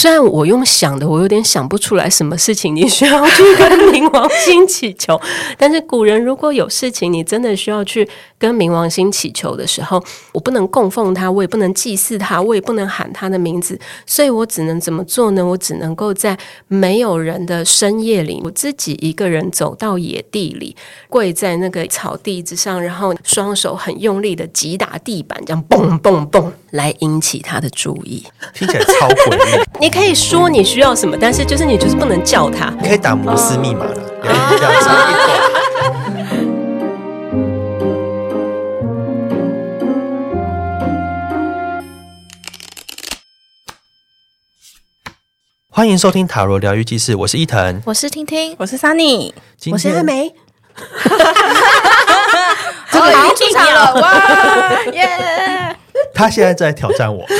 雖然我用想的，我有點想不出來什麼事情你需要去跟冥王星祈求， 但是古人如果有事情，你真的需要去跟冥王星祈求的時候，我不能供奉他，我也不能祭祀他，我也不能喊他的名字，所以我只能怎麼做呢？我只能夠在沒有人的深夜裡，我自己一個人走到野地裡，跪在那個草地之上，然後雙手很用力的擊打地板，這樣嘣嘣嘣來引起他的注意，聽起來超 可以說你需要什麼，但是就是你就是不能叫他，可以打摩斯密碼的、oh. 歡迎收聽塔羅聊癒記事，我是一騰，我是聽聽，我是 Sunny，我是阿梅。 好已經出場了 哇耶！Yeah 他現在在挑戰我， 對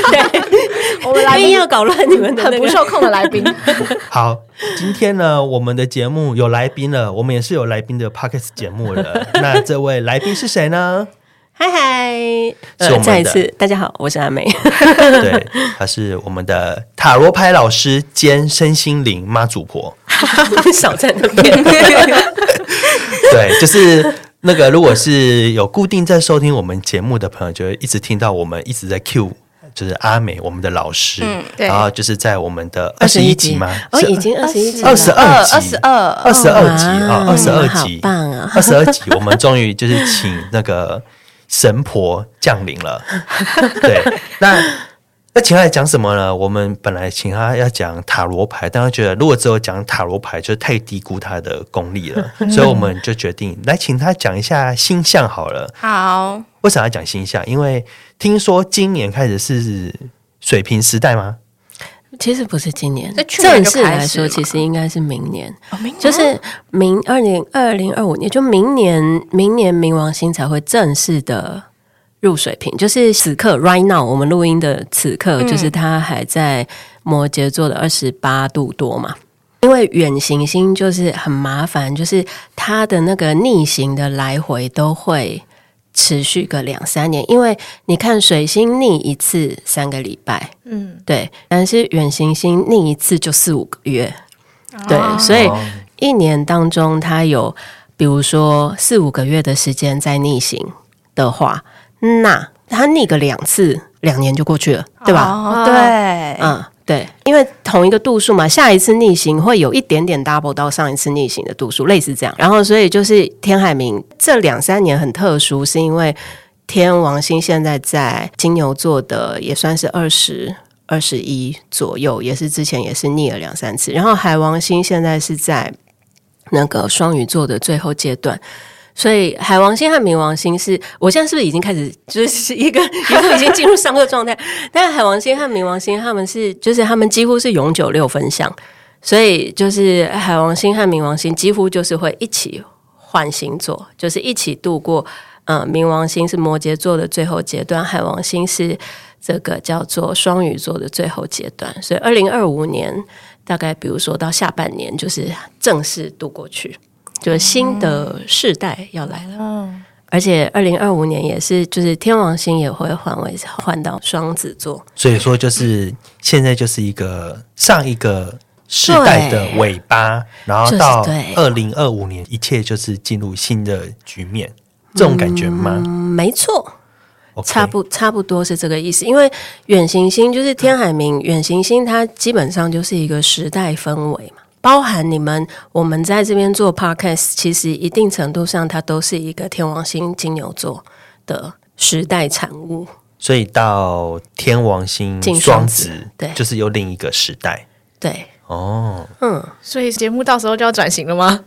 我們來賓要搞亂你們的不受控的來賓。 好，今天呢，我們的節目有來賓了，我們也是有來賓的 Podcast 節目了。那這位來賓是誰呢？嗨嗨，再一次大家好，我是阿梅。 對，他是我們的塔羅牌老師兼身心靈媽祖婆。 少在那邊。 對，就是。那個，如果是有固定在收聽我們節目的朋友，就會一直聽到我們一直在 Q，就是阿梅，我們的老師。嗯，對。然後就是在我們的二十一集嗎、嗯？哦，已經二十一集了，二十二，二二，二十二集啊，二十二集，好棒啊，二十二集， 我們終於就是請那個神婆降臨了。 對，那。那請他講什麼呢？我們本來請他要講塔羅牌，但他覺得如果只有講塔羅牌，就太低估他的功力了， 所以我們就決定來請他講一下星象好了。好，為什麼要講星象？因為聽說今年開始是水瓶時代嗎？其實不是，今年，年正式來說，其實應該是明年，哦、明年，就是明二零二零二五年，就明年明年冥王星才會正式的。入水瓶，就是此刻 right now 我們錄音的此刻、嗯、就是它還在摩羯座的二十八度多嘛。因為遠行星就是很麻煩，就是它的那個逆行的來回都會持續個兩三年，因為你看水星逆一次三個禮拜，嗯，對，但是遠行星逆一次就四五個月、哦，對，所以一年當中它有比如說四五個月的時間在逆行的話，那他逆個兩次，兩年就過去了，對吧？哦，對，嗯，對，因為同一個度數嘛，下一次逆行會有一點點 double 到上一次逆行的度數，類似這樣。然後，所以就是天海明這兩三年很特殊，是因為天王星現在在金牛座的也算是二十二十一左右，也是之前也是逆了兩三次。然後海王星現在是在那個雙魚座的最後階段。所以海王星和冥王星是，我現在是不是已經開始就是一個幾乎 已經進入上課狀態？ 但是海王星和冥王星，他們是就是他們幾乎是永久六分相，所以就是海王星和冥王星幾乎就是會一起換星座，就是一起度過。嗯、呃，冥王星是摩羯座的最後階段，海王星是這個叫做雙魚座的最後階段。所以二零二五年大概比如說到下半年，就是正式度過去。就是新的世代要來了，而且二零二五年也是，就是天王星也會換位換到雙子座，所以說就是現在就是一個上一個世代的尾巴，然後到二零二五年，一切就是進入新的局面，這種感覺嗎？嗯，沒錯，差不差不多是這個意思，因為遠行星就是天海冥遠行星，它基本上就是一個時代氛圍嘛。包含你們，我們在這邊做 podcast，其實一定程度上，它都是一個天王星金牛座的時代產物。所以到天王星雙子，金子對，就是又另一個時代。對，哦，嗯，所以節目到時候就要轉型了嗎？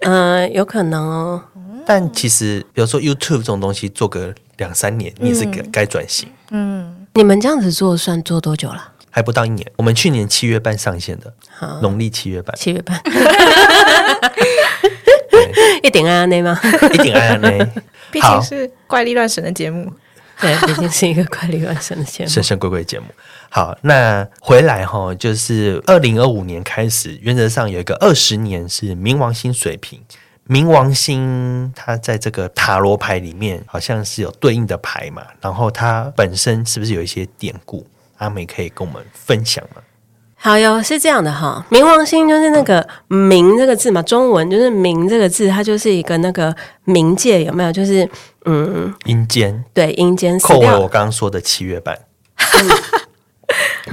嗯、 呃，有可能、哦嗯。但其實，比如說 YouTube 這種東西，做個兩三年，你是該轉型嗯。嗯，你們這樣子做，算做多久了？還不到一年，我們去年七月半上線的，農曆七月半，七月半， 一點安內嗎？一點安內，畢竟是怪力亂神的節目， 對，畢竟是一個怪力亂神的節目， 神神鬼鬼節目。好，那回來哈，就是二零二五年開始，原則上有一個二十年是冥王星水瓶。冥王星它在這個塔羅牌裡面好像是有對應的牌嘛，然後它本身是不是有一些典故？阿梅可以跟我們分享嗎？好喲，是這樣的哈，冥王星就是那個“冥”這個字嘛，嗯、中文就是“冥”這個字，它就是一個那個冥界有沒有？就是嗯，陰間對陰間扣了我剛剛說的七月半，嗯、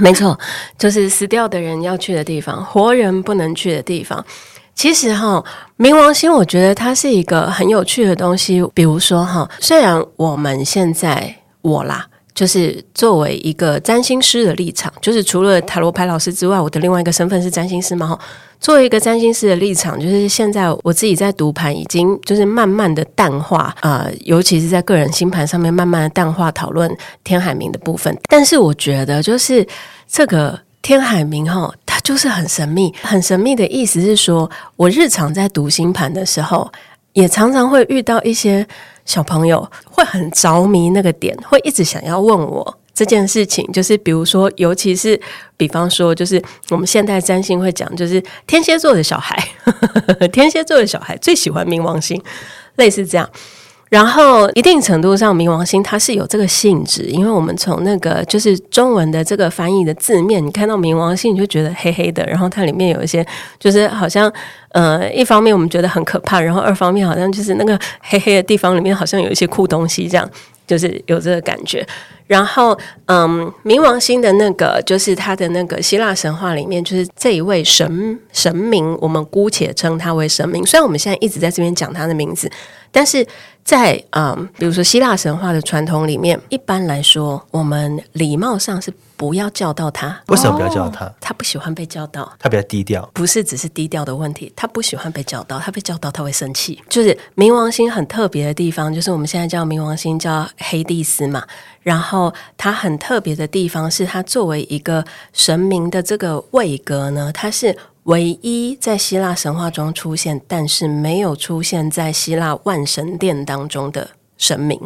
沒錯，就是死掉的人要去的地方，活人不能去的地方。其實哈，冥王星我覺得它是一個很有趣的東西。比如說哈，雖然我們現在我啦。就是作為一個占星師的立場，就是除了塔羅牌老師之外，我的另外一個身份是占星師嘛。哈，作為一個占星師的立場，就是現在我自己在讀盤已經就是慢慢的淡化啊、呃，尤其是在個人星盤上面慢慢的淡化討論天海冥的部分。但是我覺得，就是這個天海冥哈，它就是很神秘。很神秘的意思是說，我日常在讀星盤的時候，也常常會遇到一些。小朋友會很着迷那個點，會一直想要問我這件事情。就是比如說，尤其是比方說，就是我們現代占星會講，就是天蠍座的小孩，呵呵呵，天蠍座的小孩最喜歡冥王星，類似這樣。然後，一定程度上，冥王星它是有這個性質，因為我們從那個就是中文的這個翻譯的字面，你看到冥王星，你就覺得黑黑的。然後它裡面有一些，就是好像，呃，一方面我們覺得很可怕，然後二方面好像就是那個黑黑的地方裡面好像有一些酷東西這樣。就是有這個感覺，然後，嗯，冥王星的那個，就是他的那個希臘神話裡面，就是這一位神神明，我們姑且稱他為神明。雖然我們現在一直在這邊講他的名字，但是在，嗯，比如說希臘神話的傳統裡面，一般來說，我們禮貌上是。不要叫到他，為什麼不要叫他？哦，他不喜歡被叫到，他比較低調。不是只是低調的問題，他不喜歡被叫到，他被叫到他會生氣。就是冥王星很特別的地方，就是我們現在叫冥王星叫黑帝斯嘛。然後他很特別的地方是，他作為一個神明的這個位格呢，他是唯一在希臘神話中出現，但是沒有出現在希臘萬神殿當中的神明。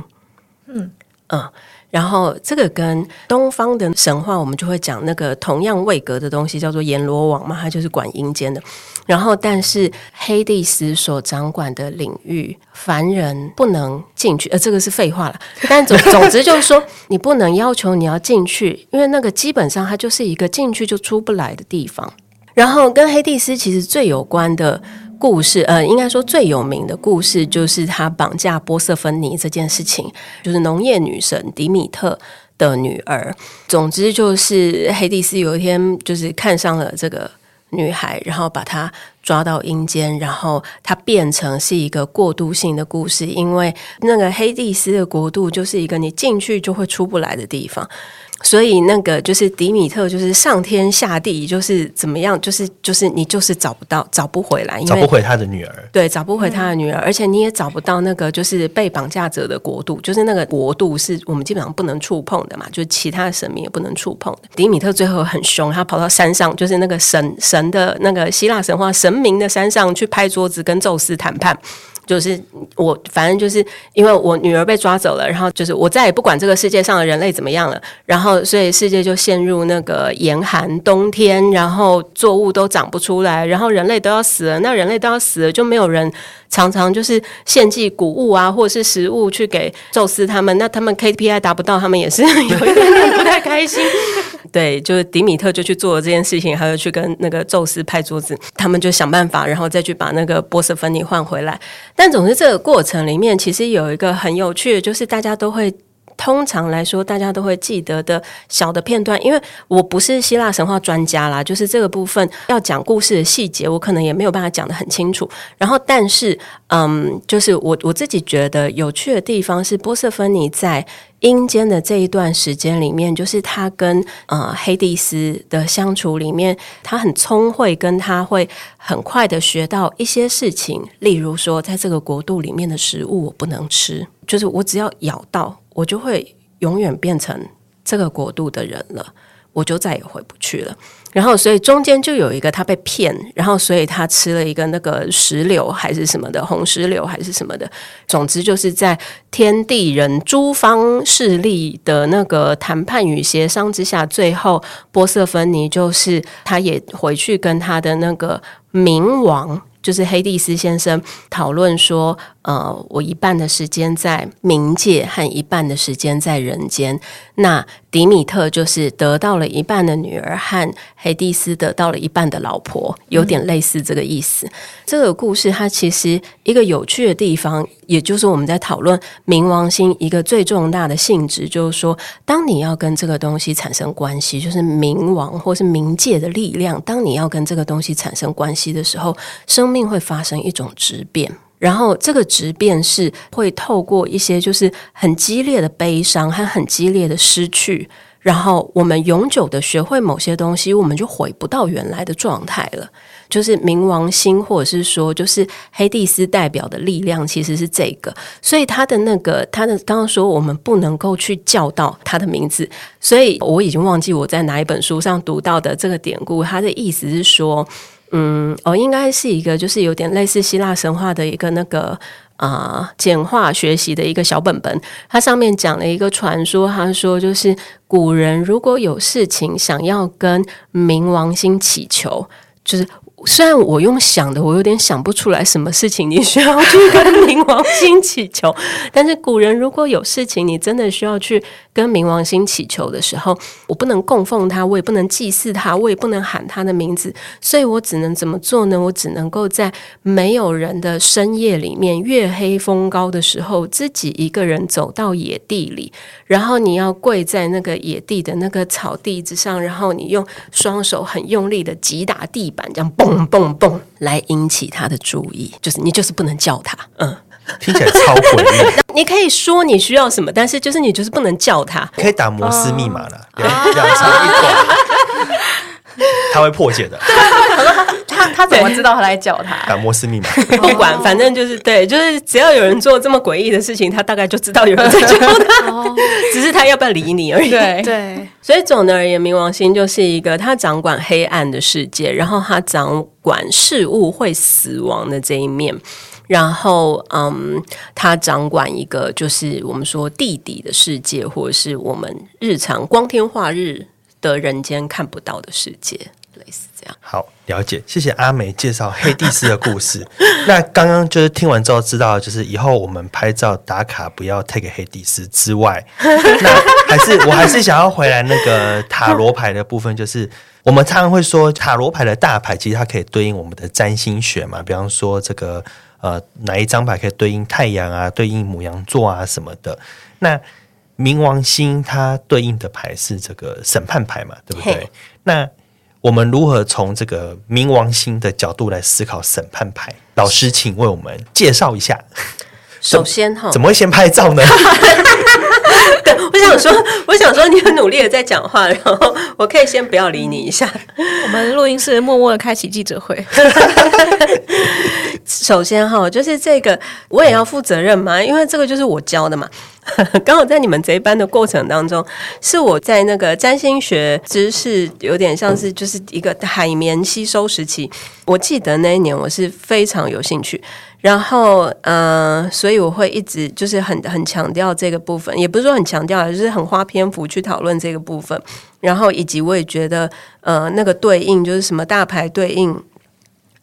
嗯嗯。然後，這個跟東方的神話，我們就會講那個同樣位格的東西，叫做閻羅王嘛，他就是管陰間的。然後，但是黑帝斯所掌管的領域，凡人不能進去。呃，這個是廢話了。但總總之就是說， 你不能要求你要進去，因為那個基本上它就是一個進去就出不來的地方。然後，跟黑帝斯其實最有關的故事，呃，應該說最有名的故事就是他綁架波瑟芬妮這件事情，就是農業女神迪米特的女兒。總之，就是黑帝斯有一天就是看上了這個女孩，然後把她抓到陰間，然後她變成是一個過渡性的故事，因為那個黑帝斯的國度就是一個你進去就會出不來的地方。所以那個就是迪米特，就是上天下地，就是怎麼樣，就是就是你就是找不到，找不回來，找不回他的女兒，對，找不回他的女兒，而且你也找不到那個就是被綁架者的國度，就是那個國度是我們基本上不能觸碰的嘛，就是其他的神明也不能觸碰。迪米特最後很凶，他跑到山上，就是那個神神的那個希臘神話神明的山上去拍桌子，跟宙斯談判。就是我，反正就是因為我女兒被抓走了，然後就是我再也不管這個世界上的人類怎麼樣了，然後所以世界就陷入那個嚴寒冬天，然後作物都長不出來，然後人類都要死了，那人類都要死了，就沒有人，常常就是獻祭穀物啊，或者是食物去給宙斯他們。那他們 KPI 達不到，他們也是有一點點不太開心。 對，就是迪米特就去做了這件事情，還有去跟那個宙斯拍桌子。他們就想辦法，然後再去把那個波瑟芬妮換回來。但總之這個過程裡面，其實有一個很有趣的，就是大家都會。通常來說，大家都會記得的小的片段，因為我不是希臘神話專家啦，就是這個部分要講故事的細節，我可能也沒有辦法講得很清楚。然後，但是，嗯，就是我我自己覺得有趣的地方是，波瑟芬尼在陰間的這一段時間裡面，就是他跟呃黑帝斯的相處裡面，他很聰慧，跟他會很快地學到一些事情，例如說，在這個國度裡面的食物我不能吃，就是我只要咬到。我就會永遠變成這個國度的人了，我就再也回不去了。然後，所以中間就有一個他被騙，然後所以他吃了一個那個石榴還是什麼的，紅石榴還是什麼的。總之就是在天地人諸方勢力的那個談判與協商之下，最後波色芬尼就是他也回去跟他的那個冥王。就是黑帝斯先生討論說，呃，我一半的時間在冥界和一半的時間在人間。那迪米特就是得到了一半的女兒，和黑帝斯得到了一半的老婆，有點類似這個意思。嗯。這個故事它其實一個有趣的地方，也就是我們在討論冥王星一個最重大的性質，就是說，當你要跟這個東西產生關係，就是冥王或是冥界的力量，當你要跟這個東西產生關係的時候，生命。定會發生一種質變，然後這個質變是會透過一些就是很激烈的悲傷和很激烈的失去，然後我們永久的學會某些東西，我們就回不到原來的狀態了。就是冥王星，或者是說就是黑帝斯代表的力量，其實是這個。所以他的那個他的剛剛說我們不能夠去叫到他的名字，所以我已經忘記我在哪一本書上讀到的這個典故。他的意思是說。嗯，哦，應該是一個，就是有點類似希臘神話的一個那個啊、呃，簡化學習的一個小本本。它上面講了一個傳說，他說就是古人如果有事情想要跟冥王星祈求，就是。雖然我用想的，我有點想不出來什麼事情你需要去跟冥王星祈求， 但是古人如果有事情，你真的需要去跟冥王星祈求的時候，我不能供奉他，我也不能祭祀他，我也不能喊他的名字，所以我只能怎麼做呢？我只能夠在沒有人的深夜裡面，月黑風高的時候，自己一個人走到野地裡，然後你要跪在那個野地的那個草地之上，然後你用雙手很用力的擊打地板，這樣嘣蹦蹦蹦，來引起他的注意，就是你就是不能叫他，嗯，聽起來超詭異 你可以說你需要什麼，但是就是你就是不能叫他，可以打摩斯密碼了，兩、兩、長一短， 他會破解的。 他怎麼知道他來叫他？打摩斯密碼， 不管，反正就是對，就是只要有人做這麼詭異的事情，他大概就知道有人在叫他， 只是他要不要理你而已。 對，對，所以總的而言，冥王星就是一個他掌管黑暗的世界，然後他掌管事物會死亡的這一面，然後嗯，他掌管一個就是我們說地底的世界，或者是我們日常光天化日的人間看不到的世界。好，了解。謝謝阿梅介紹黑帝斯的故事。 那剛剛就是聽完之後，知道就是以後我們拍照打卡不要 take 黑帝斯之外， 那還是我還是想要回來那個塔羅牌的部分，就是我們常常會說塔羅牌的大牌，其實它可以對應我們的占星學嘛。比方說這個呃，哪一張牌可以對應太陽啊，對應牡羊座啊什麼的。那冥王星它對應的牌是這個審判牌嘛，對不對？ 那我們如何從這個冥王星的角度來思考審判牌？老師，請為我們介紹一下。首先，哈，怎麼會先拍照呢？ 我想說，我想說，你很努力的在講話，然後我可以先不要理你一下。我們錄音室默默的開啟記者會。 首先哈、哦，就是這個我也要負責任嘛，因為這個就是我教的嘛。剛好在你們這一班的過程當中，是我在那個占星學知識有點像是就是一個海綿吸收時期。我記得那一年我是非常有興趣。然後，嗯、呃，所以我會一直就是很很強調這個部分，也不是說很強調就是很花篇幅去討論這個部分。然後，以及我也覺得，呃，那個對應就是什麼大牌對應。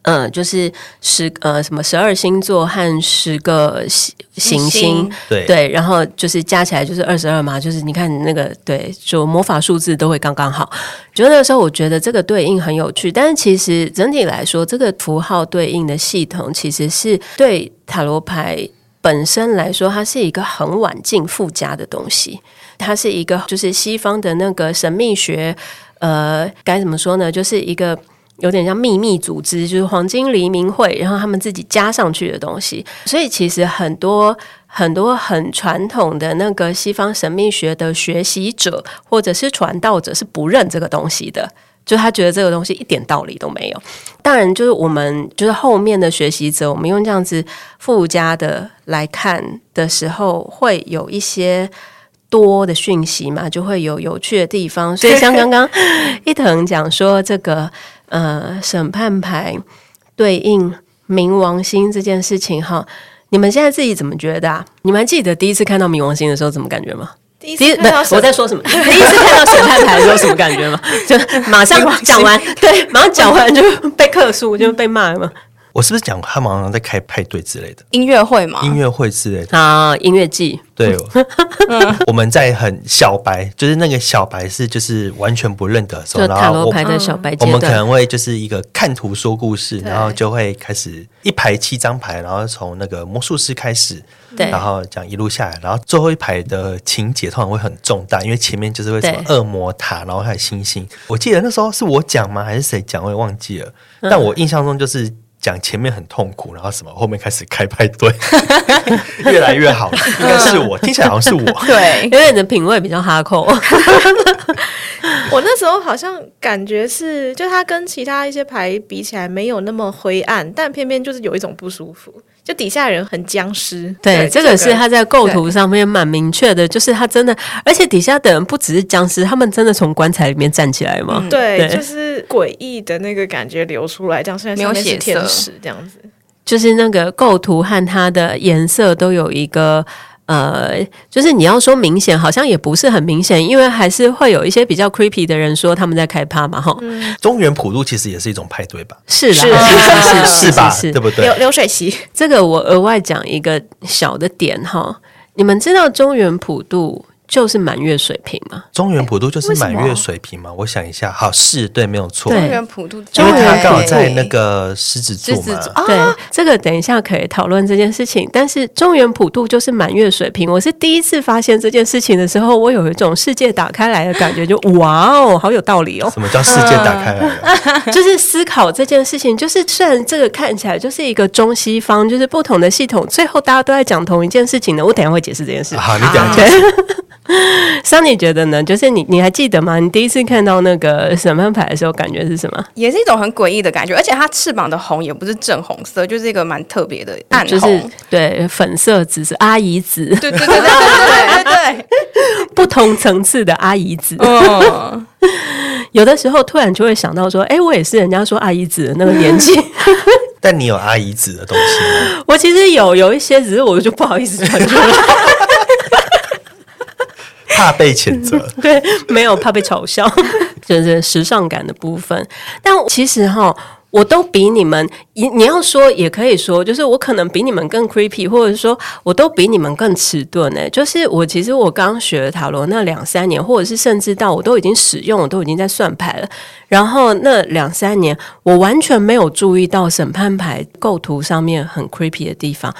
嗯，就是十呃什麼十二星座和十個行行星,星，對，然後就是加起來就是二十二嘛，就是你看那個對，就魔法數字都會剛剛好。覺得那時候我覺得這個對應很有趣，但是其實整體來說，這個符號對應的系統其實是對塔羅牌本身來說，它是一個很晚近附加的東西，它是一個就是西方的那個神秘學，呃，該怎麼說呢，就是一個。有點像秘密組織，就是黃金黎明會，然後他們自己加上去的東西。所以其實很多很多很傳統的那個西方神秘學的學習者或者是傳道者是不認這個東西的，就他覺得這個東西一點道理都沒有。當然，就是我們就是後面的學習者，我們用這樣子附加的來看的時候，會有一些多的訊息嘛，就會有有趣的地方。所以像剛剛一騰講說這個。 呃，審判牌對應冥王星這件事情哈，你們現在自己怎麼覺得啊？你們還記得第一次看到冥王星的時候怎麼感覺嗎？第一次沒，我在說什麼？ 第一次看到審判牌的時候什麼感覺嗎？就馬上講完，對，馬上講完就被客訴，就被罵了嘛。我是不是講他們，好像在開派對之類的音樂會嘛？音樂會，會之類的啊，音樂季。對、 嗯，我們在很小白，就是那個小白是就是完全不認得的時候，塔羅牌的小然後我白、嗯。我們可能會就是一個看圖說故事，然後就會開始一排七張牌，然後從那個魔術師開始，對，然後講一路下來，然後最後一排的情節通常會很重大，因為前面就是會什麼惡魔塔，然後還有星星。我記得那時候是我講嗎？還是誰講？我也忘記了、嗯。但我印象中就是。講前面很痛苦，然後什麼後面開始開派對， 越來越好 應該是我、嗯、聽起來好像是我，對， 因為你的品味比較哈扣。 我那時候好像感覺是，就他跟其他一些牌比起來沒有那麼灰暗，但偏偏就是有一種不舒服。就底下的人很僵屍，對，這個是他在構圖上面蠻明確的、這個，就是他真的，而且底下的人不只是僵屍，他們真的從棺材裡面站起來嗎、嗯？對，就是詭異的那個感覺流出來，這樣雖然沒有寫天使這，嗯就是、這樣天使這樣子，就是那個構圖和他的顏色都有一個。呃，就是你要說明顯，好像也不是很明顯，因為還是會有一些比較 creepy 的人說他們在開趴嘛，哈。中元普渡其實也是一種派對吧？是啦是、啊、 是是，是吧？對不對？流流水席，這個我額外講一個小的點哈，你們知道中元普渡，就是滿月水瓶嘛？中元普渡就是滿月水瓶嘛、欸？我想一下，好是，對，沒有錯。中元普渡，因為它剛好在那個獅子座，對，這個等一下可以討論這件事情。但是中元普渡就是滿月水瓶，我是第一次發現這件事情的時候，我有一種世界打開來的感覺，就哇哦，好有道理哦！什麼叫世界打開來的？ 就是思考這件事情，就是雖然這個看起來就是一個中西方，就是不同的系統，最後大家都在講同一件事情呢。我等一下會解釋這件事情。好，你等一下解釋。 桑尼覺得呢？就是你，你還記得嗎？你第一次看到那個審判牌的時候，感覺是什麼？也是一種很詭異的感覺，而且它翅膀的紅也不是正紅色，就是一個蠻特別的暗紅、就是。對，粉色紫是阿姨紫。對對對對對對,對, 對,對,對,對,對， 不同層次的阿姨紫。哦、 有的時候突然就會想到說，哎、欸，我也是人家說阿姨紫的那個年紀。 但你有阿姨紫的東西嗎？我其實有有一些，只是我就不好意思穿出來。 怕被譴責 對，沒有怕被嘲笑， 就是時尚感的部分。但其實哈，我都比你們，你你要說也可以說，就是我可能比你們更 creepy，或者是說，我都比你們更遲鈍哎。就是我其實我剛學的塔羅那兩三年，或者是甚至到我都已經使用，我都已經在算牌了。然後那兩三年，我完全沒有注意到審判牌構圖上面很 creepy 的地方，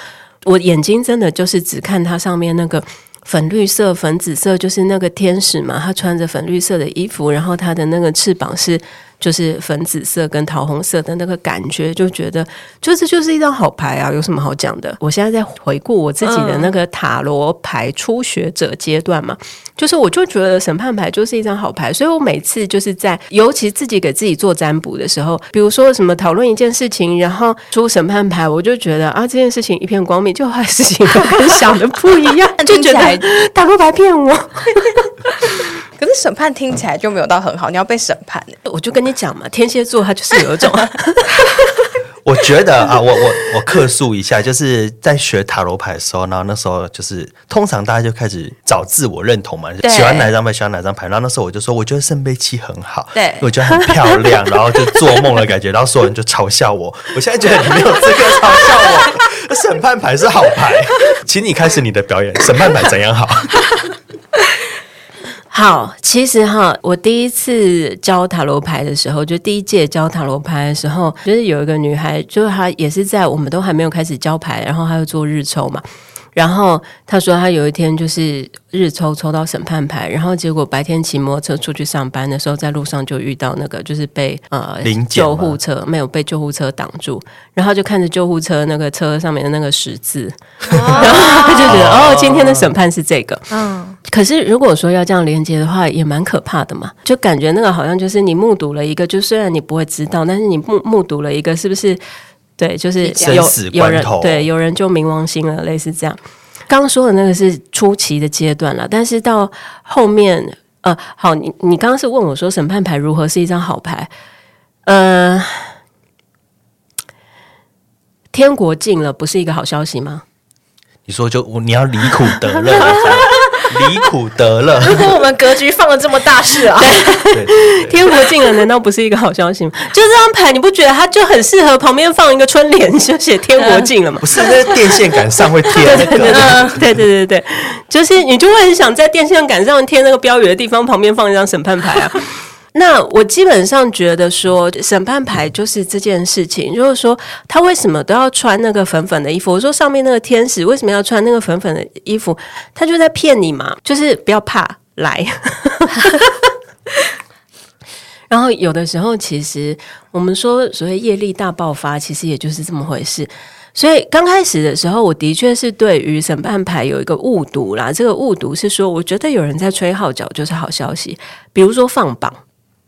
我眼睛真的就是只看它上面那個。粉綠色、粉紫色，就是那個天使嘛。他穿着粉綠色的衣服，然後他的那個翅膀是。就是粉紫色跟桃紅色的那個感覺，就覺得就是就是一張好牌啊！有什麼好講的？我現在在回顧我自己的那個塔羅牌初學者階段嘛，嗯、就是我就覺得審判牌就是一張好牌，所以我每次就是在尤其自己給自己做占卜的時候，比如說什麼討論一件事情，然後出審判牌，我就覺得啊，這件事情一片光明，就壞事情跟想的不一樣， 就覺得塔羅牌騙我。 可是審判聽起來就沒有到很好，嗯、你要被審判。我就跟你講嘛，天蠍座他就是有一種 。 我覺得啊，我我我客訴一下，就是在學塔羅牌的時候，然後那時候就是通常大家就開始找自我認同嘛，喜歡哪張牌，喜歡哪張牌。然後那時候我就說，我覺得聖杯七很好，對，我覺得很漂亮，然後就做夢的感覺。然後所有人就嘲笑我，我現在覺得你沒有資格嘲笑我。審 判牌是好牌，請你開始你的表演，審判牌怎樣好？ 好，其實哈，我第一次教塔羅牌的時候，就第一屆教塔羅牌的時候，就是有一個女孩，就是她也是在我們都還沒有開始教牌，然後她又做日抽嘛。然後他說，他有一天就是日抽抽到審判牌，然後結果白天騎摩托車出去上班的時候，在路上就遇到那個，就是被呃救護車沒有被救護車擋住，然後就看着救護車那個車上面的那個十字，哦、然後他就覺得哦，哦，今天的審判是這個。嗯，可是如果說要這樣連接的話，也蠻可怕的嘛，就感覺那個好像就是你目睹了一個，就雖然你不會知道，但是你目目睹了一個是不是？對，就是有有，有人對有人就冥王星了，類似這樣。剛，剛說的那個是初期的階段了，但是到後面，呃，好，你，你剛剛是問我說，審判牌如何是一張好牌？呃，天國近了，不是一個好消息嗎？你說就我你要離苦得樂。 離苦得樂。 如果我們格局放了這麼大事啊， 對，對，天國近了，難道不是一個好消息嗎？就這張牌，你不覺得它就很適合旁邊放一個春聯，就寫天國近了嗎？ 不是那個電線桿上會貼那個，對對對對，對， 就是你就會很想在電線桿上貼那個標語的地方旁邊放一張審判牌啊。 那我基本上覺得說審判牌就是這件事情，如果說他為什麼都要穿那個粉粉的衣服？我說上面那個天使為什麼要穿那個粉粉的衣服？他就在騙你嘛，就是不要怕來。 然後有的時候，其實我們說所謂業力大爆發，其實也就是這麼回事。所以剛開始的時候，我的確是對於審判牌有一個誤讀啦。這個誤讀是說，我覺得有人在吹號角，就是好消息，比如說放榜。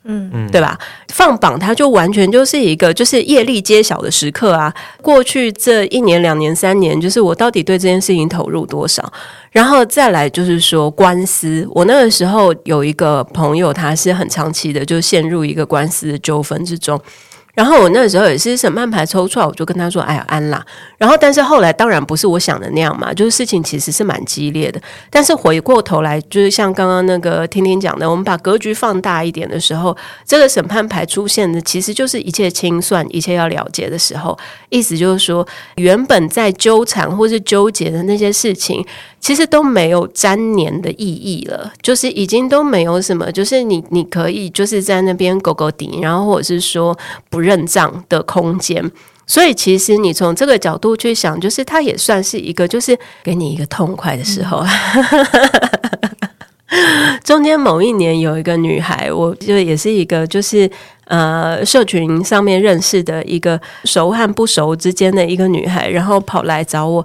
嗯，對吧？放榜，它就完全就是一個就是業力揭曉的時刻啊。過去這一年、兩年、三年，就是我到底對這件事情投入多少，然後再來就是說官司。我那個時候有一個朋友，他是很長期的就陷入一個官司的糾紛之中。然後我那個時候也是審判牌抽出來，我就跟他說：“哎呀，安啦。”然後但是後來當然不是我想的那樣嘛，就是事情其實是蠻激烈的。但是回過頭來，就是像剛剛那個聽聽講的，我們把格局放大一點的時候，這個審判牌出現的其實就是一切清算、一切要了結的時候，意思就是說，原本在糾纏或是糾結的那些事情。其實都沒有粘黏的意義了，就是已經都沒有什麼，就是你你可以就是在那邊勾勾底，然後或者是說不認賬的空間。所以其實你從這個角度去想，就是它也算是一個，就是給你一個痛快的時候。嗯、 中間某一年有一個女孩，我就也是一個，就是呃社群上面認識的一個熟和不熟之間的一個女孩，然後跑來找我。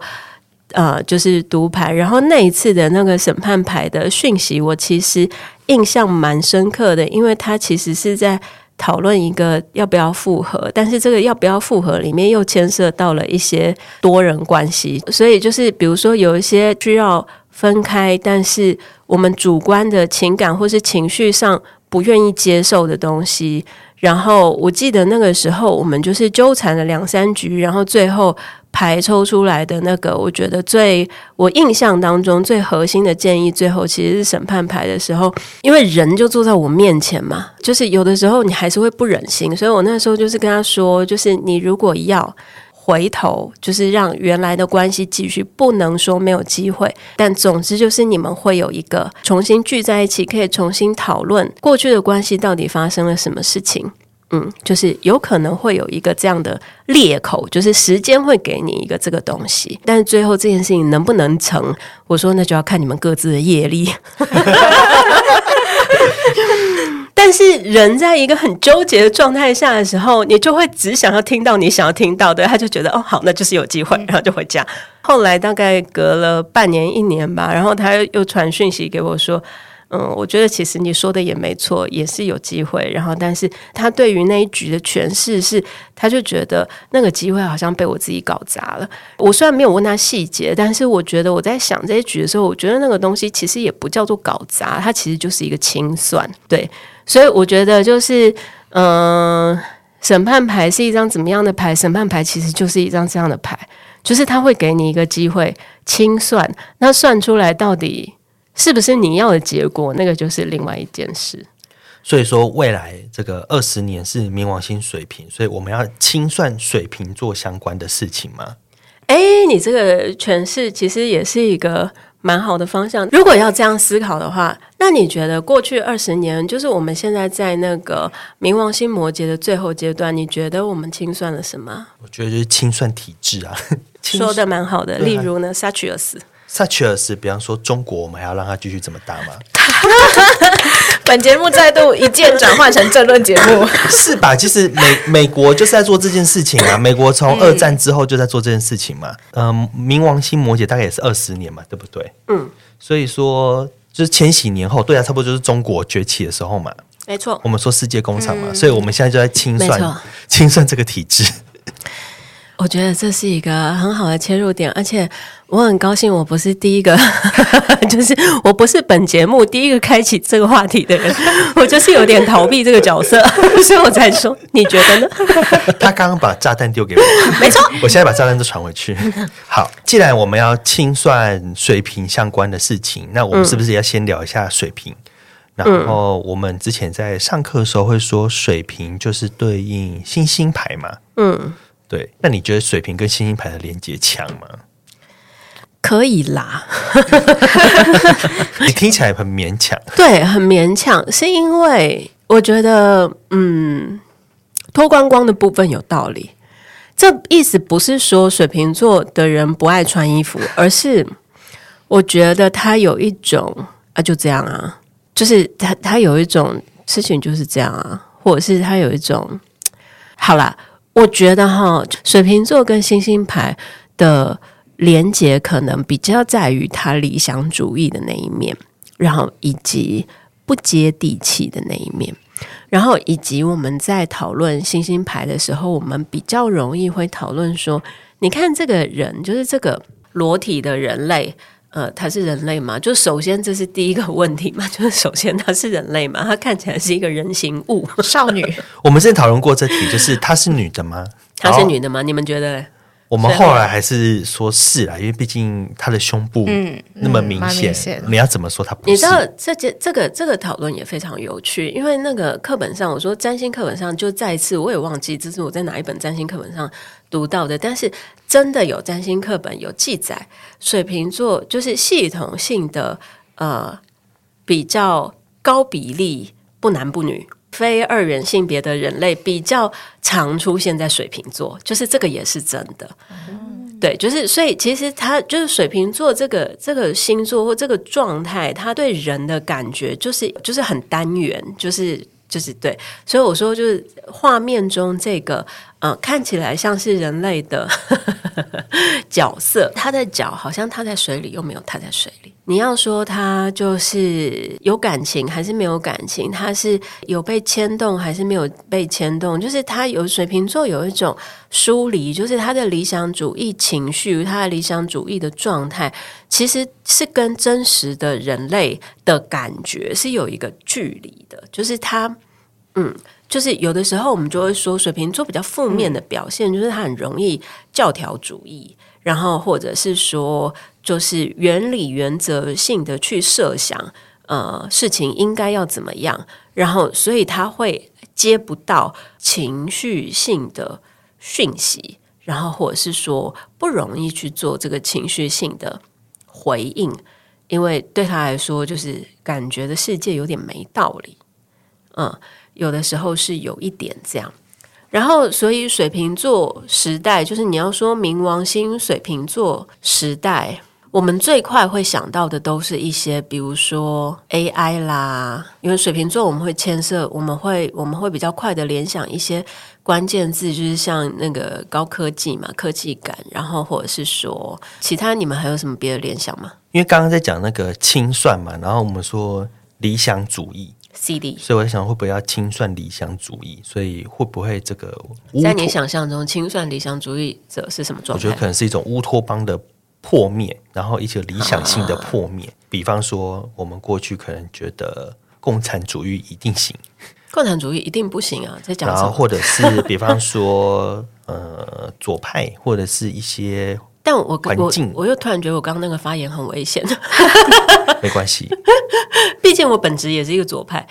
呃，就是讀牌，然後那一次的那個審判牌的訊息，我其實印象蠻深刻的，因為它其實是在討論一個要不要復合，但是這個要不要復合裡面又牽涉到了一些多人關係，所以就是比如說有一些需要分開，但是我們主觀的情感或是情緒上不願意接受的東西。然後我記得那個時候我們就是糾纏了兩三局，然後最後。牌抽出來的那個，我覺得最我印象當中最核心的建議，最後其實是審判牌的時候，因為人就坐在我面前嘛，就是有的時候你還是會不忍心，所以我那時候就是跟他說，就是你如果要回頭，就是讓原來的關係繼續，不能說沒有機會，但總之就是你們會有一個重新聚在一起，可以重新討論過去的關係到底發生了什麼事情。 嗯，就是有可能會有一個這樣的裂口，就是時間會給你一個這個東西，但是最後這件事情能不能成，我說那就要看你們各自的業力。 但是人在一個很糾結的狀態下的時候，你就會只想要聽到你想要聽到的，他就覺得哦好，那就是有機會，然後就回家。 後來大概隔了半年一年吧，然後他又傳訊息給我說。嗯，我覺得其實你說的也沒錯，也是有機會。然後，但是他對於那一局的詮釋是，他就覺得那個機會好像被我自己搞砸了。我雖然沒有問他細節，但是我覺得我在想這一局的時候，我覺得那個東西其實也不叫做搞砸，它其實就是一個清算。對，所以我覺得就是，嗯、呃，審判牌是一張怎麼樣的牌？審判牌其實就是一張這樣的牌，就是他會給你一個機會清算，那算出來到底。是不是你要的結果？那個就是另外一件事。所以說，未來這個二十年是冥王星水瓶，所以我們要清算水瓶座相關的事情嗎？哎、欸，你這個詮釋其實也是一個蠻好的方向。如果要這樣思考的話，那你覺得過去二十年，就是我們現在在那個冥王星摩羯的最後階段，你覺得我們清算了什麼？我覺得就是清算體制啊， 說得蠻好的。啊、例如呢，s a t h u s such as 比方說中國，我們還要讓他繼續這麼大嗎？ 本節目再度一鍵轉換成政論節目 ，是吧？其實美美國就是在做這件事情啊，美國從二戰之後就在做這件事情嘛。 嗯、呃，冥王星摩羯大概也是二十年嘛，對不對？嗯，所以說就是千禧年後，對啊，差不多就是中國崛起的時候嘛。沒錯，我們說世界工廠嘛，嗯、所以我們現在就在清算清算這個體制。 我覺得這是一個很好的切入點，而且我很高興我不是第一個，就是我不是本節目第一個開啟這個話題的人，我就是有點逃避這個角色，所以我才說，你覺得呢？他剛剛把炸彈丟給我，沒錯，我現在把炸彈都傳回去。好，既然我們要清算水瓶相關的事情，那我們是不是要先聊一下水瓶？嗯、然後我們之前在上課的時候會說，水瓶就是對應星星牌嘛？嗯。對，那你覺得水瓶跟星星牌的連接強嗎？可以啦 你聽起來很勉強。對，很勉強，是因為我覺得，嗯，脫光光的部分有道理。這意思不是說水瓶座的人不愛穿衣服，而是我覺得他有一種啊，就這樣啊，就是他他有一種事情就是這樣啊，或者是他有一種，好啦。我覺得哈，水瓶座跟星星牌的連結可能比較在於他理想主義的那一面，然後以及不接地氣的那一面，然後以及我們在討論星星牌的時候，我們比較容易會討論說，你看這個人，就是這個裸體的人類。呃，她是人類嗎？就首先這是第一個問題嘛，就是首先她是人類嘛？她看起來是一個人形物少女 。我們之前討論過這題，就是她是女的嗎？她是女的嗎？Oh. 你們覺得咧？我們後來還是說是啊、嗯，因為畢竟他的胸部那麼明顯、嗯嗯，你要怎麼說他不是？你知道這節這個這個討論、這個、也非常有趣，因為那個課本上，我說占星課本上就再一次，我也忘記這是我在哪一本占星課本上讀到的，但是真的有占星課本有記載，水瓶座就是系統性的呃比較高比例不男不女。非二元性別的人類比較常出現在水瓶座，就是這個也是真的。嗯，對，就是所以其實他就是水瓶座這個這個星座或這個狀態，他對人的感覺就是就是很單元，就是就是對。所以我說就是畫面中這個。嗯，看起來像是人類的 角色，他的腳好像踏在水裡，又沒有踏在水裡。你要說他就是有感情還是沒有感情？他是有被牽動還是沒有被牽動？就是他有水瓶座有一種疏離，就是他的理想主義情緒，他的理想主義的狀態，其實是跟真實的人類的感覺是有一個距離的。就是他，嗯。就是有的時候，我們就會說水瓶座比較負面的表現、嗯，就是他很容易教條主義，然後或者是說，就是原理原則性的去設想，呃，事情應該要怎麼樣，然後所以他會接不到情緒性的訊息，然後或者是說不容易去做這個情緒性的回應，因為對他來說，就是感覺的世界有點沒道理，嗯。有的時候是有一點這樣，然後所以水瓶座時代，就是你要說冥王星水瓶座時代，我們最快會想到的都是一些比如說 AI 啦，因為水瓶座我們會牽涉，我們會我們會比較快的聯想一些關鍵字，就是像那個高科技嘛，科技感，然後或者是說其他，你們還有什麼別的聯想嗎？因為剛剛在講那個清算嘛，然後我們說理想主義。所以我在想，會不會要清算理想主義？所以會不會這個在你想象中清算理想主義者是什麼狀態？我覺得可能是一種烏托邦的破滅，然後一些理想性的破滅。啊、比方說，我們過去可能覺得共產主義一定行，共產主義一定不行啊，在講什麼？然後或者是比方說， 呃，左派或者是一些。但我我我又突然覺得我剛剛那個發言很危險， 沒關係係， 畢竟我本職也是一個左派。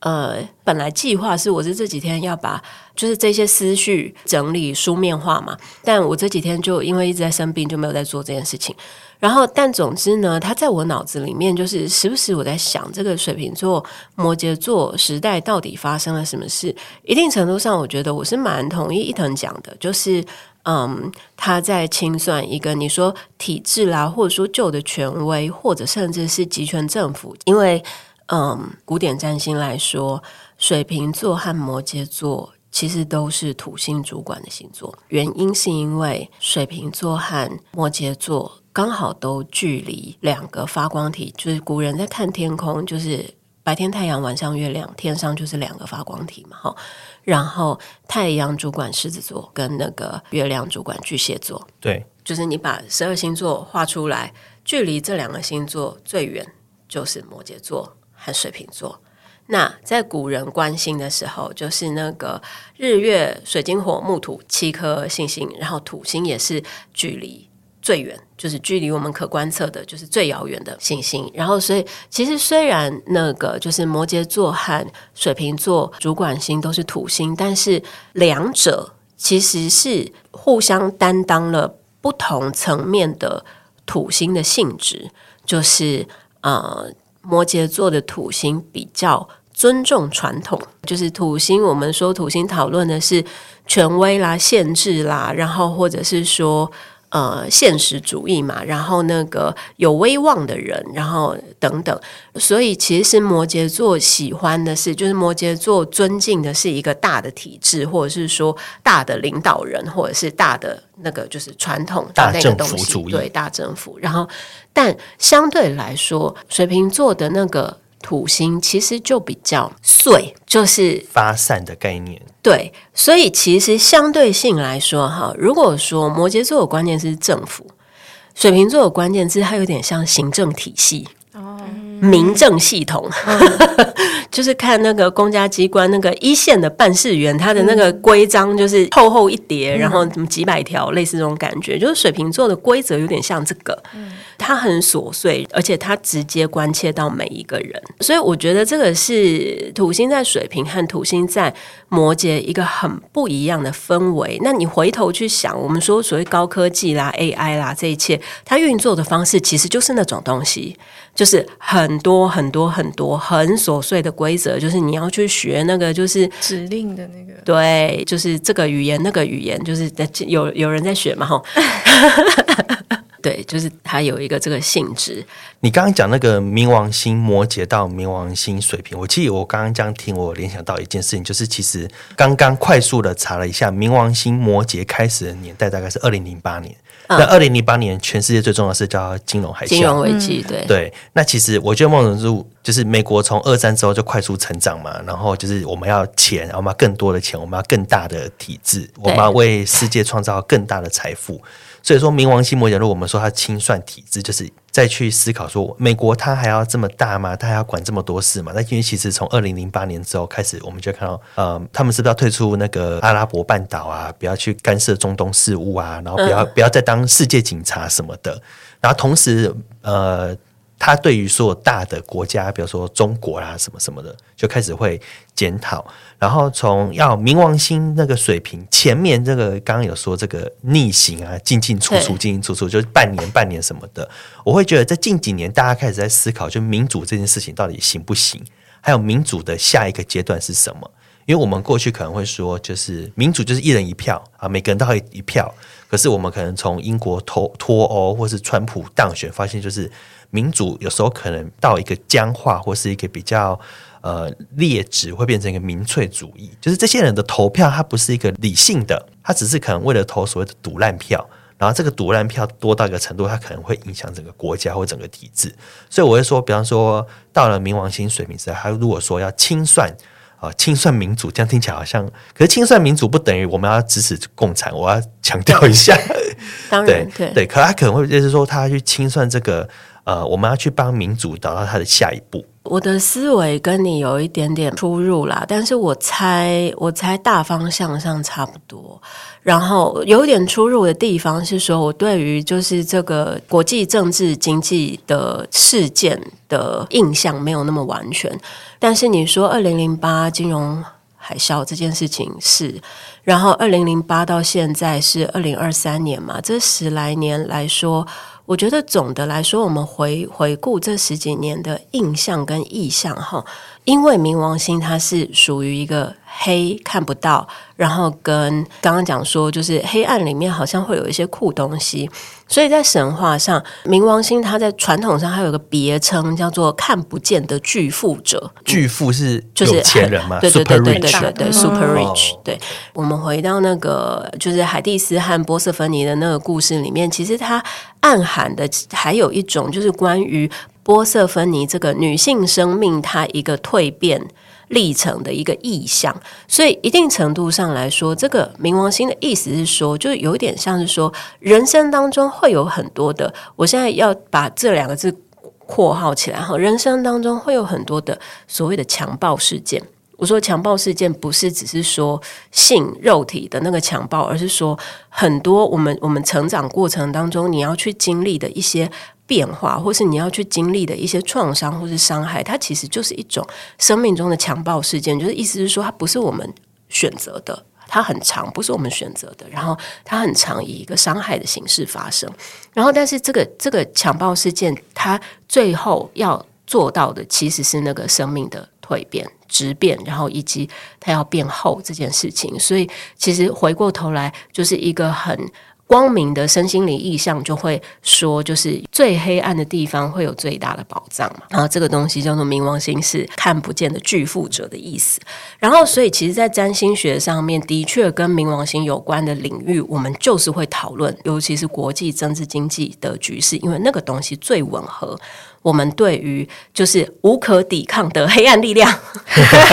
呃，本來計劃是我是這幾天要把就是這些思緒整理書面化嘛，但我這幾天就因為一直在生病就沒有在做這件事情。然後，但總之呢，他在我腦子裡面就是時不時我在想這個水瓶座、摩羯座時代到底發生了什麼事。嗯、一定程度上，我覺得我是蠻同意一騰講的，就是。嗯、um,，他在清算一個你說體制啦，或者說舊的權威，或者甚至是極權政府。因為，嗯、um,，古典占星來說，水瓶座和摩羯座其實都是土星主管的星座。原因是因為水瓶座和摩羯座剛好都距離兩個發光體，就是古人在看天空，就是。白天太陽，晚上月亮，天上就是兩個發光體嘛，然後太陽主管獅子座，跟那個月亮主管巨蟹座。對，就是你把十二星座畫出來，距離這兩個星座最遠就是摩羯座和水瓶座。那在古人觀星的時候，就是那個日月、水、金、火、木、土七顆星星，然後土星也是距離。最遠就是距離我們可觀測的，就是最遙遠的行星。然後，所以其實雖然那個就是摩羯座和水瓶座主管星都是土星，但是兩者其實是互相擔當了不同層面的土星的性質。就是呃，摩羯座的土星比較尊重傳統，就是土星。我們說土星討論的是權威啦、限制啦，然後或者是說。呃，現實主義嘛，然後那個有威望的人，然後等等，所以其實摩羯座喜歡的是，就是摩羯座尊敬的是一個大的體制，或者是說大的領導人，或者是大的那個就是傳統的那個東西。大政府主義，對，大政府。然後，但相對來說，水瓶座的那個。土星其實就比較碎，就是發散的概念。對，所以其實相對性來說，哈，如果說摩羯座的關鍵是政府，水瓶座的關鍵是它有點像行政體系。民政系統，嗯、 就是看那個公家機關那個一線的辦事員，他的那個規章就是厚厚一疊，嗯、然後什麼幾百條，類似這種感覺。就是水瓶座的規則有點像這個、嗯，它很瑣碎，而且它直接關切到每一個人。所以我覺得這個是土星在水瓶和土星在摩羯一個很不一樣的氛圍。那你回頭去想，我們說所謂高科技啦、AI 啦，這一切它運作的方式其實就是那種東西。就是很多很多很多很瑣碎的規則，就是你要去學那個，就是指令的那個，對，就是這個語言，那個語言，就是在有有人在學嘛，哈， 對，就是它有一個這個性質。你剛剛講那個冥王星摩羯到冥王星水瓶，我記得我剛剛這樣聽，我聯想到一件事情，就是其實剛剛快速的查了一下，冥王星摩羯開始的年代大概是二零零八年。那二零零八年，全世界最重要的事叫金融海嘯。金融危機，對對。那其實我覺得，某種程度就是美國從二戰之後就快速成長嘛。然後就是我們要錢，我們要更多的錢，我們要更大的體制，我們要為世界創造更大的財富。所以說，冥王星摩羯如果我們說他清算體制，就是再去思考說，美國他還要這麼大嗎？他還要管這麼多事嗎？那因為其實從二零零八年之後開始，我們就看到，呃，他們是不是要退出那個阿拉伯半島啊？不要去干涉中東事務啊？然後不要不要再當世界警察什麼的？然後同時，呃。他對於說大的國家，比如說中國啦、啊、什麼什麼的，就開始會檢討。然後從要冥王星那個水平，前面這個剛剛有說這個逆行啊，進進出出，進進出出，就是半年半年什麼的。我會覺得在近幾年，大家開始在思考，就民主這件事情到底行不行？還有民主的下一個階段是什麼？因為我們過去可能會說，就是民主就是一人一票啊，每個人都會一，一票。可是我們可能從英國脫脫歐，或是川普當選，發現就是民主有時候可能到一個僵化，或是一個比較呃劣質，會變成一個民粹主義。就是這些人的投票，它不是一個理性的，它只是可能為了投所謂的賭爛票。然後這個賭爛票多到一個程度，它可能會影響整個國家或整個體制。所以我會說，比方說到了冥王星水瓶時代，他如果說要清算。啊，清算民主，這樣聽起來好像，可是清算民主不等於我們要支持共產，我要強調一下，對 對對,對,對,對，可他可能會就是說，他要去清算這個，呃，我們要去幫民主找到他的下一步。我的思維跟你有一點點出入啦，但是我猜我猜大方向上差不多。然後有一點出入的地方是說我對於就是這個國際政治經濟的事件的印象沒有那麼完全。但是你說二零零八金融海嘯這件事情是，然後二零零八到現在是二零二三年嘛，這十來年來說。我覺得總的來說，我們回回顧這十幾年的印象跟意象哈，因為冥王星它是屬於一個。黑，看不到，然後跟剛剛講說，就是黑暗裡面好像會有一些酷東西，所以在神話上，冥王星它在傳統上還有一個別稱叫做看不見的巨富者，巨富是就是有錢人嘛，就是 Superrich、對對對對對，super rich。Oh. 對，我們回到那個就是海蒂斯和波瑟芬尼的那個故事裡面，其實它暗含的還有一種就是關於波瑟芬尼這個女性生命，它一個蛻變。歷程的一個意象，所以一定程度上來說，這個冥王星的意思是說，就有點像是說，人生當中會有很多的，我現在要把這兩個字括號起來哈，人生當中會有很多的所謂的強暴事件。我說強暴事件不是只是說性肉體的那個強暴，而是說很多我們我們成長過程當中你要去經歷的一些。變化，或是你要去經歷的一些創傷或是傷害，它其實就是一種生命中的強暴事件。就是意思是說，它不是我們選擇的，它很常，不是我們選擇的。然後它很常，以一個傷害的形式發生。然後，但是這個這個強暴事件，它最後要做到的，其實是那個生命的蛻變、質變，然後以及它要變厚這件事情。所以，其實回過頭來，就是一個很。光明的身、心、靈、意象就會說，就是最黑暗的地方會有最大的寶藏嘛。然後這個東西叫做冥王星，是看不見的巨富者的意思。然後，所以其實，在占星學上面，的確跟冥王星有關的領域，我們就是會討論，尤其是國際政治經濟的局勢，因為那個東西最吻合我們對於就是無可抵抗的黑暗力量。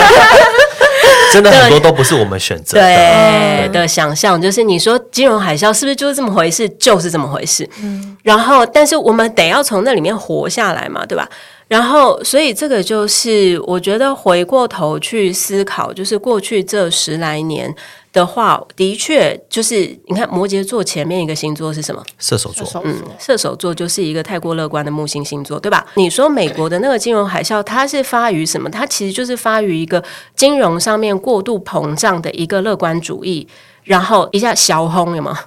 真的很多都不是我們選擇的。對對對，的想象就是你說金融海嘯是不是就是這麼回事？就是這麼回事。嗯，然後但是我們得要從那裡面活下來嘛，對吧？然後所以這個就是我覺得回過頭去思考，就是過去這十來年。的話，的確就是你看，摩羯座前面一個星座是什麼？射手座。手座嗯，射手座就是一個太過樂觀的木星星座，對吧？你說美國的那個金融海嘯，okay. 它是發於什麼？它其實就是發於一個金融上面過度膨脹的一個樂觀主義，然後一下小轟，有嗎？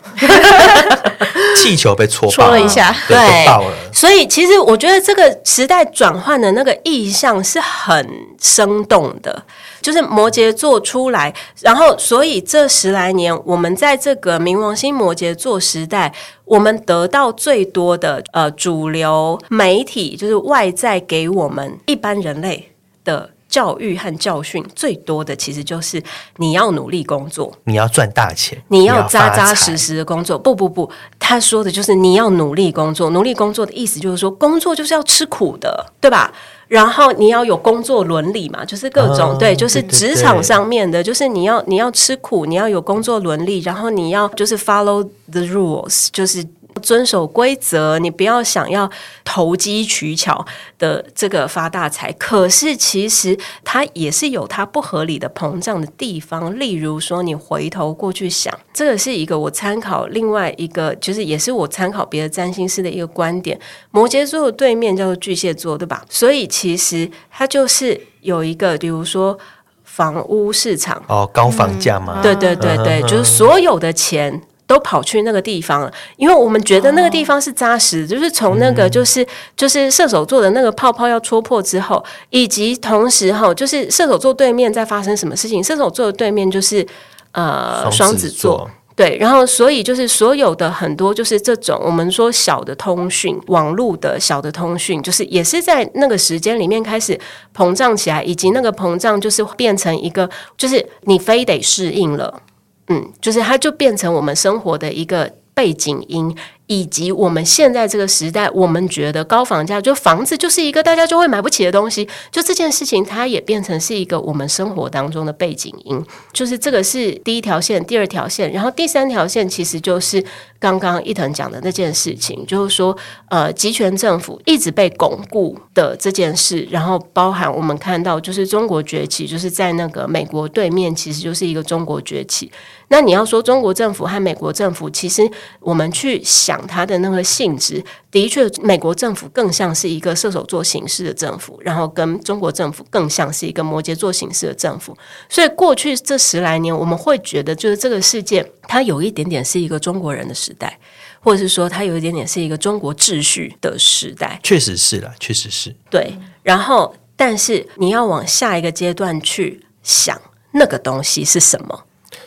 氣球被戳了,戳了一下，對，對對就爆了。所以，其實我覺得這個時代轉換的那個意象是很生動的。就是摩羯座出來，然後所以這十來年，我們在這個冥王星摩羯座時代，我們得到最多的呃主流媒體，就是外在給我們一般人類的教育和教訓最多的，其實就是你要努力工作，你要賺大錢，你要扎扎實實的工作。不不不，他說的就是你要努力工作，努力工作的意思就是說，工作就是要吃苦的，對吧？然後你要有工作倫理嘛，就是各種、oh，對，就是職場上面的，對對對，就是你要你要吃苦，你要有工作倫理，然後你要就是 follow the rules，就是。遵守規則，你不要想要投機取巧的這個發大財。可是其實它也是有它不合理的膨脹的地方。例如說，你回頭過去想，這個是一個我參考另外一個，就是也是我參考別的占星師的一個觀點。摩羯座的對面叫做巨蟹座，對吧？所以其實它就是有一個，比如說房屋市場哦，高房價嘛，嗯，對對對對，嗯，就是所有的錢。都跑去那個地方了，因為我們覺得那個地方是扎實，哦，就是從那個就是、嗯、就是射手座的那個泡泡要戳破之後，以及同時哈，就是射手座對面在發生什麼事情，射手座的對面就是呃雙子座、雙子座，對，然後所以就是所有的很多就是這種我們說小的通訊網路、的小的通訊，就是也是在那個時間裡面開始膨脹起來，以及那個膨脹就是變成一個，就是你非得適應了。嗯，就是它就變成我們生活的一個背景音，以及我們現在這個時代，我們覺得高房價就房子就是一個大家就會買不起的東西，就這件事情，它也變成是一個我們生活當中的背景音。就是這個是第一條線，第二條線，然後第三條線其實就是剛剛一騰講的那件事情，就是說呃，集權政府一直被鞏固的這件事，然後包含我們看到就是中國崛起，就是在那個美國對面，其實就是一個中國崛起。那你要說中國政府和美國政府，其實我們去想它的那個性質，的確，美國政府更像是一個射手座形式的政府，然後跟中國政府更像是一個摩羯座形式的政府。所以過去這十來年，我們會覺得，就是這個世界它有一點點是一個中國人的時代，或者是說它有一點點是一個中國秩序的時代。確實是啦，確實是。對，然後但是你要往下一個階段去想，那個東西是什麼？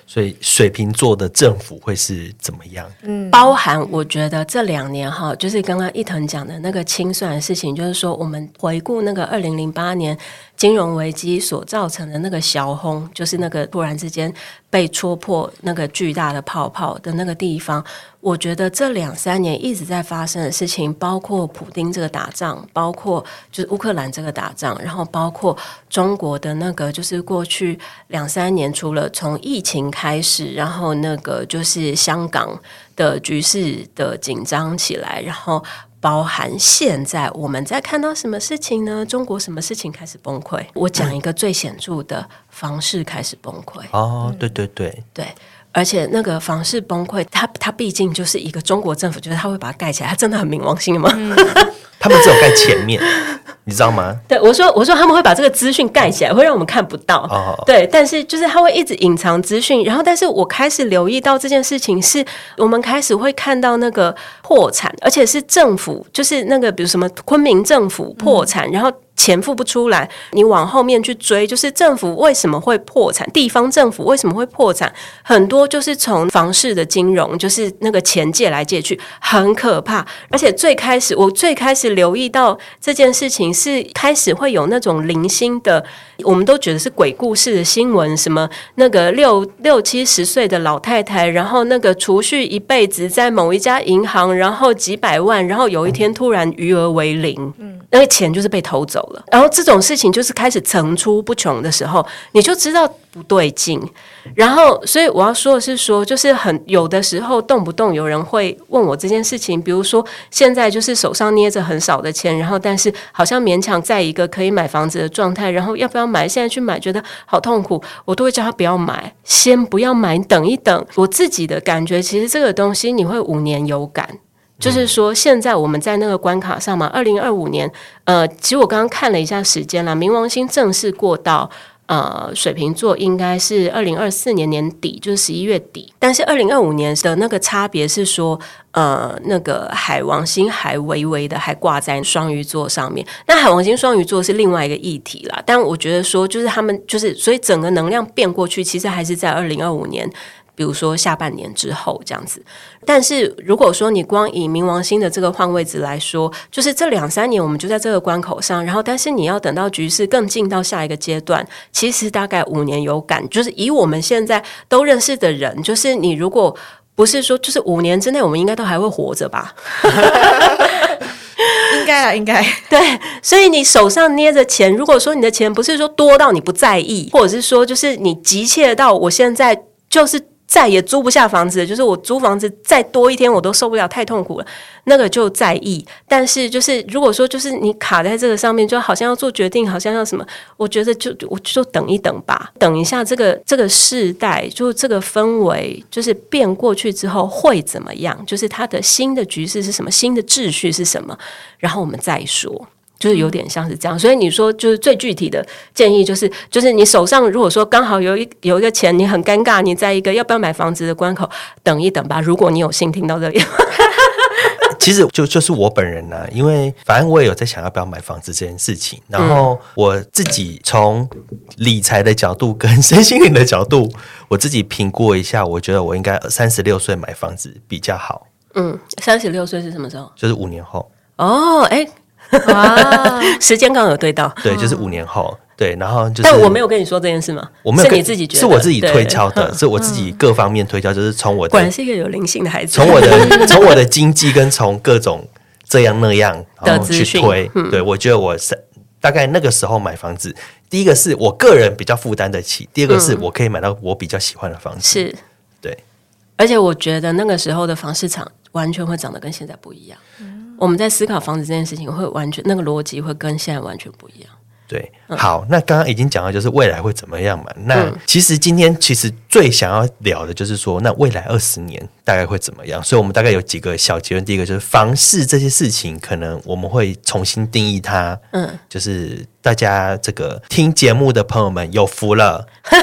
所以水瓶座的政府會是怎麼樣？嗯，包含我覺得這兩年哈，就是剛剛一騰講的那個清算的事情，就是說我們回顧那個二零零八年。金融危機所造成的那個小轟，就是那個突然之間被戳破那個巨大的泡泡的那個地方。我覺得這兩三年一直在發生的事情，包括普丁這個打仗，包括就是烏克蘭這個打仗，然後包括中國的那個就是過去兩三年，除了從疫情開始，然後那個就是香港的局勢的緊張起來，然後。包含現在我們在看到什麼事情呢？中國什麼事情開始崩潰？我講一個最顯著的房市，開始崩潰。哦，對對對對，而且那個房市崩潰，它它畢竟就是一個中國政府，就是它會把它蓋起來，它真的很冥王星嗎？嗯 他們只有蓋前面， 你知道嗎？對我說，我說他們會把這個資訊蓋起來，會讓我們看不到。Oh. 對，但是就是他會一直隱藏資訊。然後，但是我開始留意到這件事情，是我們開始會看到那個破產，而且是政府，就是那個比如什麼昆明政府破產，嗯，然後錢付不出來，你往後面去追，就是政府為什麼會破產，地方政府為什麼會破產，很多就是從房市的金融，就是那個錢借來借去，很可怕。而且最開始，我最開始。留意到這件事情是開始會有那種零星的，我們都覺得是鬼故事的新聞，什麼那個六六七十歲的老太太，然後那個儲蓄一輩子在某一家銀行，然後幾百萬，然後有一天突然餘額為零，那個錢就是被偷走了。然後這種事情就是開始層出不窮的時候，你就知道。不對勁，然後所以我要說的是說，說就是很有的時候，動不動有人會問我這件事情，比如說現在就是手上捏着很少的錢，然後但是好像勉強在一個可以買房子的狀態，然後要不要買？現在去買覺得好痛苦，我都會叫他不要買，先不要買，等一等。我自己的感覺，其實這個東西你會五年有感，嗯、就是說現在我們在那個關卡上嘛，二零二五年，呃，其實我剛剛看了一下時間啦，冥王星正式過到。呃，水瓶座應該是二零二四年年底，就是十一月底。但是二零二五年的那個差別是說，呃，那個海王星還微微的還掛在雙魚座上面。那海王星雙魚座是另外一個議題啦。但我覺得說，就是他們就是，所以整個能量變過去，其實還是在二零二五年。比如說下半年之後這樣子，但是如果說你光以冥王星的這個換位置來說，就是這兩三年我們就在這個關口上，然後但是你要等到局勢更進到下一個階段，其實大概五年有感，就是以我們現在都認識的人，就是你如果不是說就是五年之內我們應該都還會活着吧， 應該啊，應該，對，所以你手上捏着錢，如果說你的錢不是說多到你不在意，或者是說就是你急切到我現在就是。再也租不下房子，就是我租房子再多一天我都受不了，太痛苦了。那個就在意，但是就是如果說就是你卡在這個上面，就好像要做決定，好像要什麼，我覺得就我就等一等吧，等一下這個這個世代，就這個氛圍，就是變過去之後會怎麼樣，就是它的新的局勢是什麼，新的秩序是什麼，然後我們再說。就是有點像是這樣，所以你說就是最具體的建議就是，就是你手上如果說剛好有一有一個錢，你很尷尬，你在一個要不要買房子的關口，等一等吧。如果你有幸聽到這裡， 其實就就是我本人呢、啊，因為反正我也有在想要不要買房子這件事情，然後我自己從理財的角度跟身心靈的角度，我自己評估一下，我覺得我應該三十六歲買房子比較好。嗯，三十六歲是什麼時候？就是五年後。哦，哎、欸。 時間剛好對到、 嗯，對，就是五年後，對，然後就是、但我沒有跟你說這件事嗎？我沒有跟你自己覺得，是我自己推敲的，是我自己各方面推敲，嗯、就是從我的，果然是一個有靈性的孩子，從我的，從 我的經濟跟從各種這樣那樣，然後去推。嗯、對我覺得我是大概那個時候買房子，第一個是我個人比較負擔得起，第二個是我可以買到我比較喜歡的房子，嗯、對是對，而且我覺得那個時候的房市場完全會長得跟現在不一樣。嗯我們在思考房子這件事情，會完全那個邏輯會跟現在完全不一樣。對，好，嗯、那剛剛已經講到，就是未來會怎麼樣嘛？那其實今天其實最想要聊的就是說，那未來二十年大概會怎麼樣？所以，我們大概有幾個小結論。第一個就是房市這些事情，可能我們會重新定義它。嗯，就是大家這個聽節目的朋友們有福了。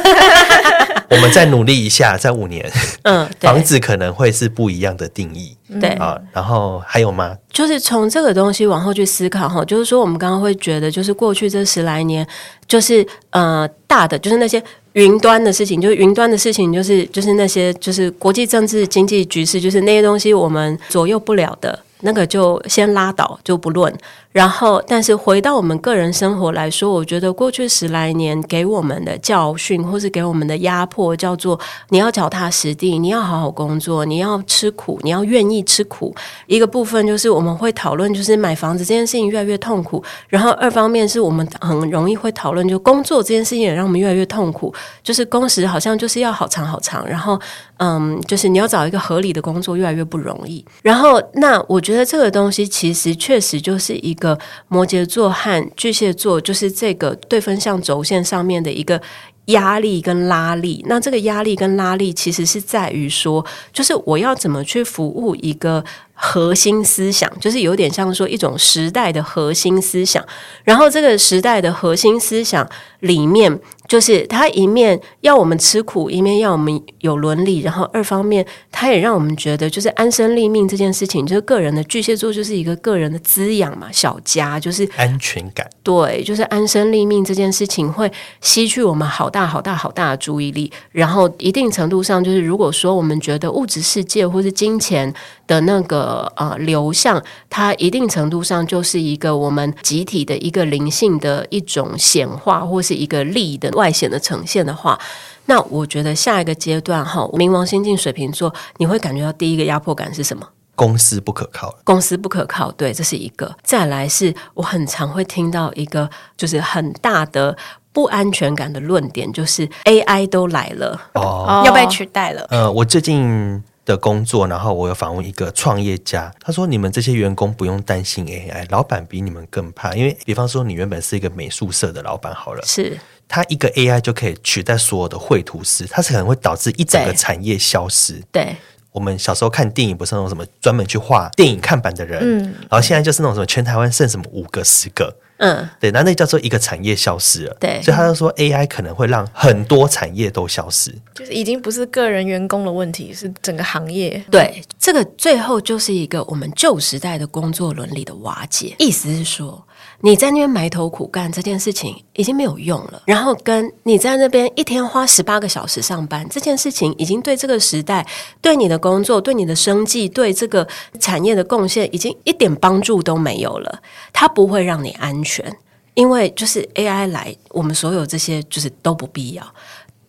我們再努力一下，再五年，嗯，房子可能會是不一樣的定義，對啊，然後還有嗎？就是從這個東西往後去思考哈，就是說我們剛剛會覺得，就是過去這十來年，就是呃大的，就是那些雲端的事情，就是雲端的事情，就是就是那些就是國際政治經濟局勢，就是那些東西我們左右不了的，那個就先拉倒，就不論。然後，但是回到我們個人生活來說，我覺得過去十來年給我們的教訓，或是給我們的壓迫，叫做你要腳踏實地，你要好好工作，你要吃苦，你要願意吃苦。一個部分就是我們會討論，就是買房子這件事情越來越痛苦。然後二方面是我們很容易會討論，就工作這件事情也讓我們越來越痛苦。就是工時好像就是要好長好長，然後嗯，就是你要找一個合理的工作越來越不容易。然後那我覺得這個東西其實確實就是一個。摩羯座和巨蟹座，就是這個對分相軸線上面的一個壓力跟拉力。那這個壓力跟拉力，其實是在於說，就是我要怎麼去服務一個核心思想，就是有點像說一種時代的核心思想。然後這個時代的核心思想裡面。就是他一面要我們吃苦，一面要我們有倫理，然後二方面他也讓我們覺得，就是安身立命這件事情，就是個人的巨蟹座就是一個個人的滋養嘛，小家就是安全感。對，就是安身立命這件事情會吸取我們好大好大好大的注意力，然後一定程度上就是如果說我們覺得物質世界或是金錢的那個啊、呃、流向，它一定程度上就是一個我們集體的一個靈性的一種顯化，或是一個利益的。外顯的呈現的話，那我覺得下一個階段哈，冥王星進水瓶座，你會感覺到第一個壓迫感是什麼？公司不可靠。公司不可靠，對，這是一個。再來是我很常會聽到一個，就是很大的不安全感的論點，就是 AI 都來了，哦，要被取代了。哦、呃，我最近的工作，然後我有訪問一個創業家，他說：“你們這些員工不用擔心 AI，老板比你們更怕，因為比方說你原本是一個美術社的老板，好了，是。”它一個 AI 就可以取代所有的繪圖師，它是可能會導致一整個產業消失。對。對，我們小時候看電影不是那種什麼專門去畫電影看板的人，嗯，然後現在就是那種什麼全台灣剩什麼五個十個，嗯，對，那那叫做一個產業消失了。對，所以他就說 AI 可能會讓很多產業都消失，就是已經不是個人員工的問題，是整個行業。對，這個最後就是一個我們舊時代的工作倫理的瓦解，意思是說你在那邊埋頭苦幹這件事情。已經沒有用了。然後跟你在那邊一天花十八個小時上班這件事情，已經對這個時代、對你的工作、對你的生計、對這個產業的貢獻，已經一點幫助都沒有了。它不會讓你安全，因為就是 AI 來，我們所有這些就是都不必要。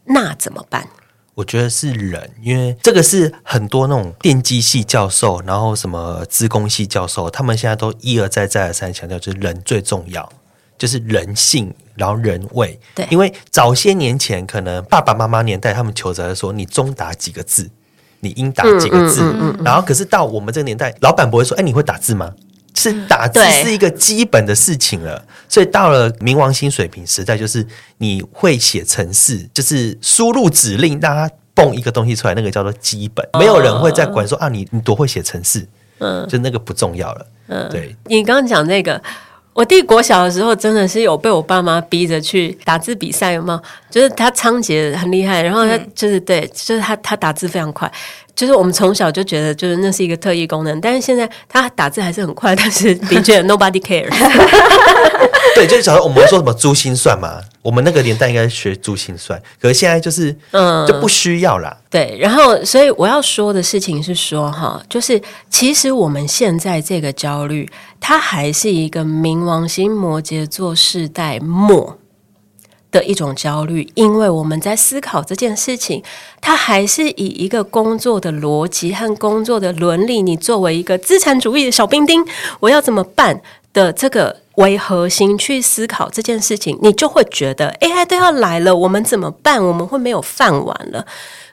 那怎麼辦？我覺得是人，因為這個是很多那種電機系教授，然後什麼資工系教授，他們現在都一而再、再而三強調，就是人最重要，就是人性。然後人對，因為早些年前可能爸爸媽媽年代，他們求職說你中打幾個字，你英打幾個字、嗯嗯嗯嗯，然後可是到我們這個年代，老闆不會說，哎，你會打字嗎？是打字是一個基本的事情了。所以到了冥王星水瓶時代，就是你會寫程式，就是輸入指令讓他蹦一個東西出來，那個叫做基本，哦、沒有人會再管說啊，你你多會寫程式，嗯，就那個不重要了。嗯，對，你剛剛講那個。我弟國小的時候，真的是有被我爸媽逼着去打字比賽，有嗎？就是他倉頡很厲害，然後他就是、嗯、對，就是他他打字非常快。就是我們從小就覺得，就是那是一個特異功能，但是現在他打字還是很快，但是的確 nobody cares。 對，就是小時候我們說什麼珠心算嘛，我們那個年代應該學珠心算，可是現在就是嗯就不需要啦。嗯、對，然後所以我要說的事情是說哈，就是其實我們現在這個焦慮，它還是一個冥王星摩羯座世代末的一種焦慮，因為我們在思考這件事情，他還是以一個工作的邏輯和工作的倫理，你作為一個資產主義的小兵丁，我要怎麼辦的這個。為核心去思考這件事情，你就會覺得 AI、欸、都要來了，我們怎麼辦？我們會沒有飯碗了。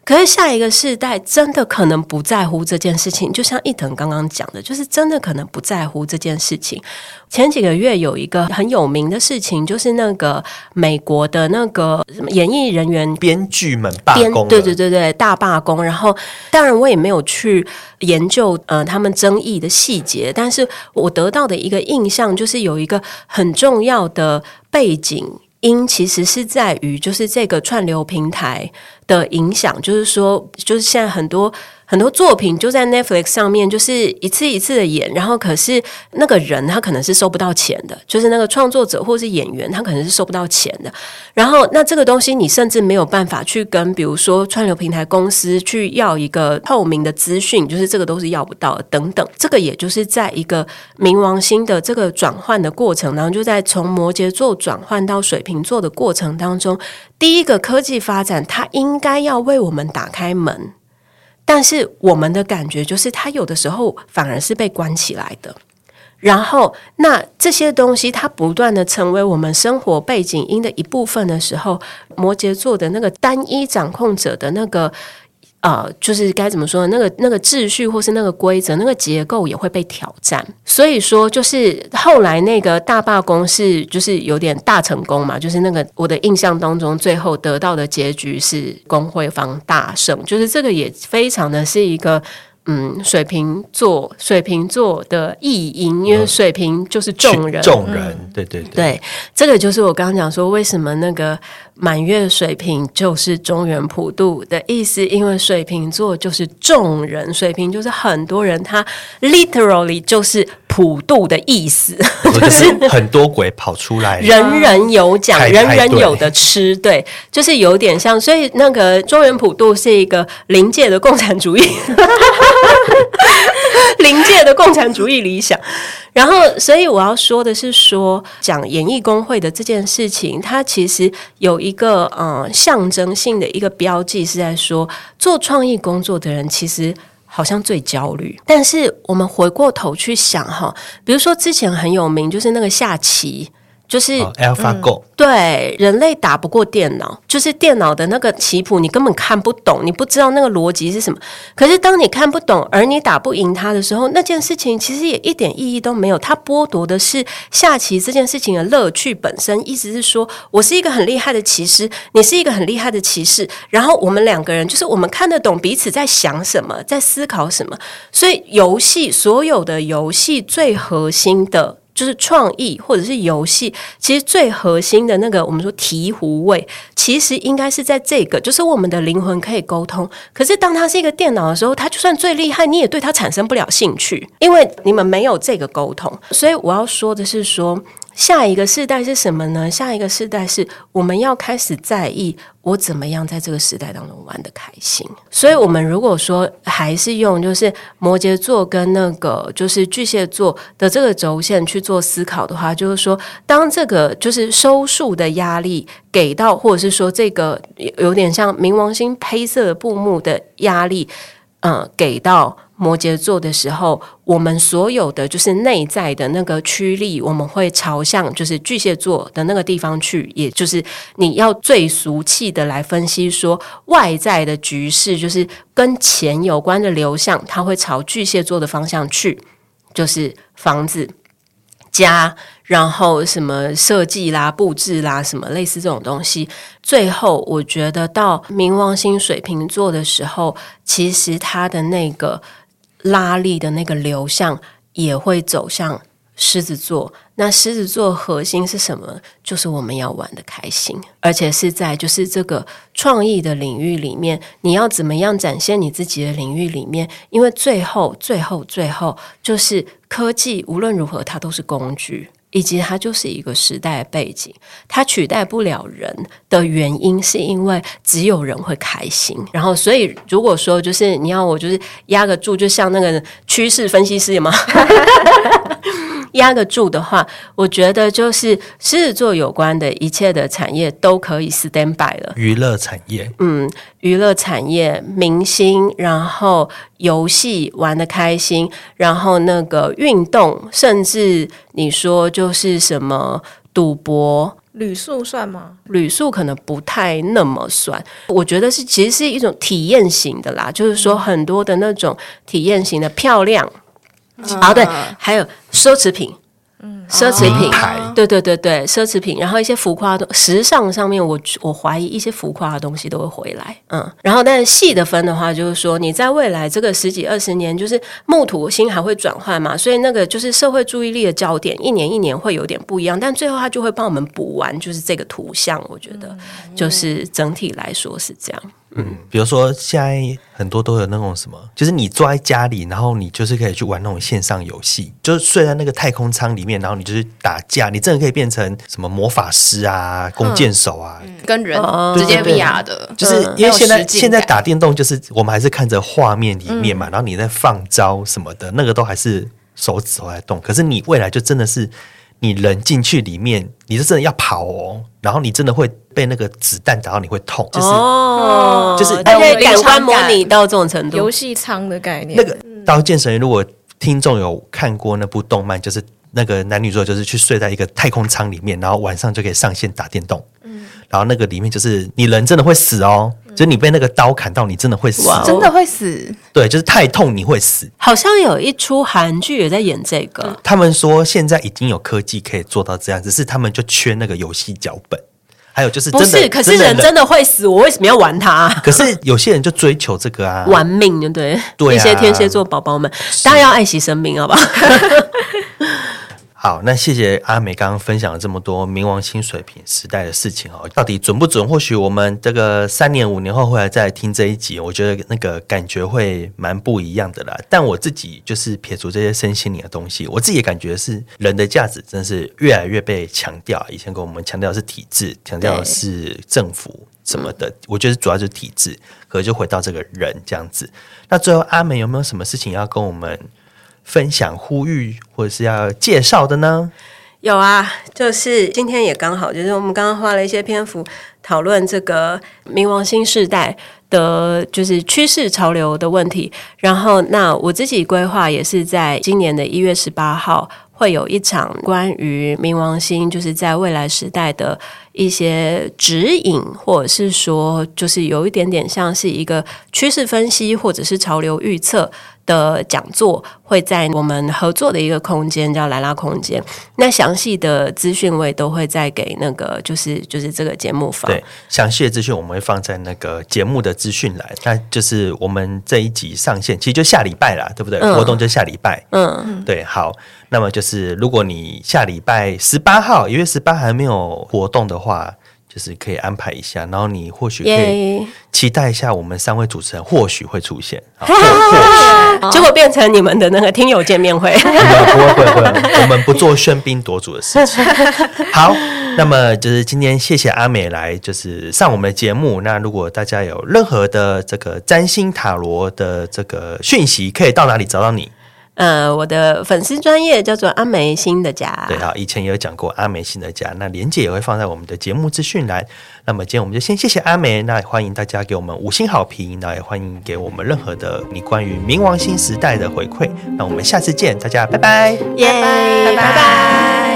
可是下一個世代真的可能不在乎這件事情，就像一騰剛剛講的，就是真的可能不在乎這件事情。前幾個月有一個很有名的事情，就是那個美國的那個什麼演藝人員、編劇們罷工，對對對對，大罷工。然後當然我也沒有去研究呃他們爭議的細節，但是我得到的一個印象就是有一個。很重要的背景音其實是在於，就是這個串流平台的影響，就是說，就是現在很多。很多作品就在 Netflix 上面，就是一次一次的演，然後可是那個人他可能是收不到錢的，就是那個創作者或是演員他可能是收不到錢的。然後那這個東西你甚至沒有辦法去跟比如說串流平台公司去要一個透明的資訊，就是這個都是要不到的，等等。這個也就是在一個冥王星的這個轉換的過程，然後就在從摩羯座轉換到水瓶座的過程當中，第一個科技發展它應該要為我們打開門。但是我們的感覺就是，他有的時候反而是被關起來的。然後，那這些東西它不斷的成為我們生活背景音的一部分的時候，摩羯座的那個單一掌控者的那個。呃，就是該怎麼說呢，那個那個秩序或是那個規則，那個結構也會被挑戰。所以說，就是後來那個大罷工是，就是有點大成功嘛。就是那個我的印象當中，最後得到的結局是工會方大勝。就是這個也非常的是一個，嗯，水瓶座，水瓶座的意淫，因為水瓶就是眾人，眾人、嗯、眾人、嗯，對對對，對，這個就是我剛剛講說為什麼那個。滿月水瓶就是中元普渡的意思，因為水瓶座就是眾人，水瓶就是很多人，他 literally 就是普渡的意思，就是很多鬼跑出來，就是、人人有獎、啊，人人有的吃，太太對，對，就是有點像，所以那個中元普渡是一個臨界的共產主義，臨 界的共產主義理想。然後，所以我要說的是說，說講演藝工會的這件事情，它其實有一個呃象徵性的一個標記，是在說做創意工作的人其實好像最焦慮。但是我們回過頭去想哈，比如說之前很有名就是那個下棋。就是、oh, AlphaGo，嗯、對，人類打不過電腦，就是電腦的那個棋譜你根本看不懂，你不知道那個邏輯是什麼。可是當你看不懂，而你打不贏他的時候，那件事情其實也一點意義都沒有。它剝奪的是下棋這件事情的樂趣本身。意思是說，我是一個很厲害的棋師，你是一個很厲害的棋士，然後我們兩個人就是我們看得懂彼此在想什麼，在思考什麼。所以遊戲，所有的遊戲最核心的。就是創意或者是遊戲，其實最核心的那個，我們說醍醐味，其實應該是在這個，就是我們的靈魂可以溝通。可是當它是一個電腦的時候，它就算最厲害，你也對它產生不了興趣，因為你們沒有這個溝通。所以我要說的是說。下一個世代是什麼呢？下一個世代是我們要開始在意我怎麼樣在這個時代當中玩得開心。所以，我們如果說還是用就是摩羯座跟那個就是巨蟹座的這個軸線去做思考的話，就是說，當這個就是收束的壓力給到，或者是說這個有，有點像冥王星黑色的布幕的壓力，嗯、呃，給到。摩羯座的時候，我們所有的就是內在的那個驅力，我們會朝向就是巨蟹座的那個地方去，也就是你要最俗氣的來分析說，外在的局勢就是跟錢有關的流向，它會朝巨蟹座的方向去，就是房子、家，然後什麼設計啦、布置啦，什麼類似這種東西。最後，我覺得到冥王星水瓶座的時候，其實它的那個。拉力的那個流向也會走向獅子座。那獅子座核心是什麼？就是我們要玩得開心，而且是在就是這個創意的領域裡面，你要怎麼樣展現你自己的領域裡面？因為最後，最後，最後，就是科技，無論如何，它都是工具。以及它就是一個時代的背景，它取代不了人的原因，是因為只有人會開心。然後，所以如果說就是你要我就是壓個注，就像那個趨勢分析師嘛。 壓得住的話，我覺得就是獅子座有關的一切的產業都可以 stand by 了。娛樂產業，嗯，娛樂產業、明星，然後遊戲玩得開心，然後那個運動，甚至你說就是什麼賭博、旅宿算嗎？旅宿可能不太那麼算，我覺得是其實是一種體驗型的啦，嗯，就是說很多的那種體驗型的漂亮。嗯，好的，還有。奢侈品。嗯。奢侈品，對對對對，奢侈品，然後一些浮誇的時尚上面我，我我懷疑一些浮誇的東西都會回來，嗯，然後但是細的分的話，就是說你在未來這個十幾二十年，就是木土星還會轉換嘛，所以那個就是社會注意力的焦點，一年一年會有點不一樣，但最後他就會幫我們補完，就是這個圖像，我覺得，嗯，就是整體來說是這樣。嗯，比如說現在很多都有那種什麼，就是你坐在家裡，然後你就是可以去玩那種線上遊戲，就是睡在那個太空艙裡面，然後你。就是打架，你真的可以變成什麼魔法師啊、弓箭手啊，嗯、跟人對對直接比壓的。就是因為現在、嗯、現在打電動，就是我們還是看着畫面裡面嘛、嗯，然後你在放招什麼的，那個都還是手指頭在動。可是你未來就真的是你人進去裡面，你是真的要跑哦，然後你真的會被那個子彈打到，你會痛。就是、哦、就是，而且感官模擬到這種程度，遊戲艙的概念。那個刀劍神域，如果聽眾有看過那部動漫，就是。那個男女主就是去睡在一個太空艙裡面，然後晚上就可以上線打電動。嗯，然後那個裡面就是你人真的會死哦、喔嗯，就是你被那個刀砍到，你真的會死，哇真的會死。對，就是太痛你會死。好像有一出韓劇也在演這個。他們說現在已經有科技可以做到這樣，只是他們就缺那個遊戲腳本。還有就是真的，不是，可是人真的會死，我為什麼要玩它、啊？可是有些人就追求這個啊，玩命就對。對、啊，一些天蠍座寶寶們、啊，大家要愛惜生命，好不好？ 好，那謝謝阿美剛剛分享了這麼多冥王星水瓶時代的事情哦，到底準不準？或許我們這個三年五年後回來再來聽這一集，我覺得那個感覺會蠻不一樣的啦。但我自己就是撇除這些身心靈的東西，我自己感覺是人的價值真的是越來越被強調啊。以前跟我們強調的是體制，強調的是政府什麼的，我覺得主要就是體制。嗯。可就回到這個人這樣子。那最後阿美有沒有什麼事情要跟我們？分享呼、呼籲或是要介紹的呢？有啊，就是今天也剛好，就是我們剛剛花了一些篇幅討論這個冥王星時代的，就是趨勢潮流的問題。然後，那我自己規劃也是在今年的一月十八號會有一場關於冥王星，就是在未來時代的一些指引，或者是說，就是有一點點像是一個趨勢分析，或者是潮流預測。的講座，會在我們合作的一個空間，叫萊拉空間。那詳細的資訊我也都會再給那個，就是就是這個節目發，對，詳細的資訊我們會放在那個節目的資訊欄。那就是我們這一集上線，其實就下禮拜啦，對不對？嗯、活動就下禮拜。嗯對，好。那麼就是如果你下禮拜十八號，因為十八還沒有活動的話。就是可以安排一下，然後你或許可以期待一下，我們三位主持人或許會出現，yeah. 或許 oh. 結果變成你們的那個聽友見面會，不會不會不會，我們不做喧賓奪主的事情。好，那麼就是今天謝謝阿梅來就是上我們的節目。那如果大家有任何的這個占星塔羅的這個訊息，可以到哪裡找到你？呃，我的粉絲專業叫做阿梅心的家。啊。對啊，以前也有講過阿梅心的家。那連結也會放在我們的節目資訊欄。那麼今天我們就先謝謝阿梅，那也歡迎大家給我們五星好評，那也歡迎給我們任何的你關於冥王星時代的回饋。那我們下次見，大家拜拜，拜、yeah, 拜，拜拜。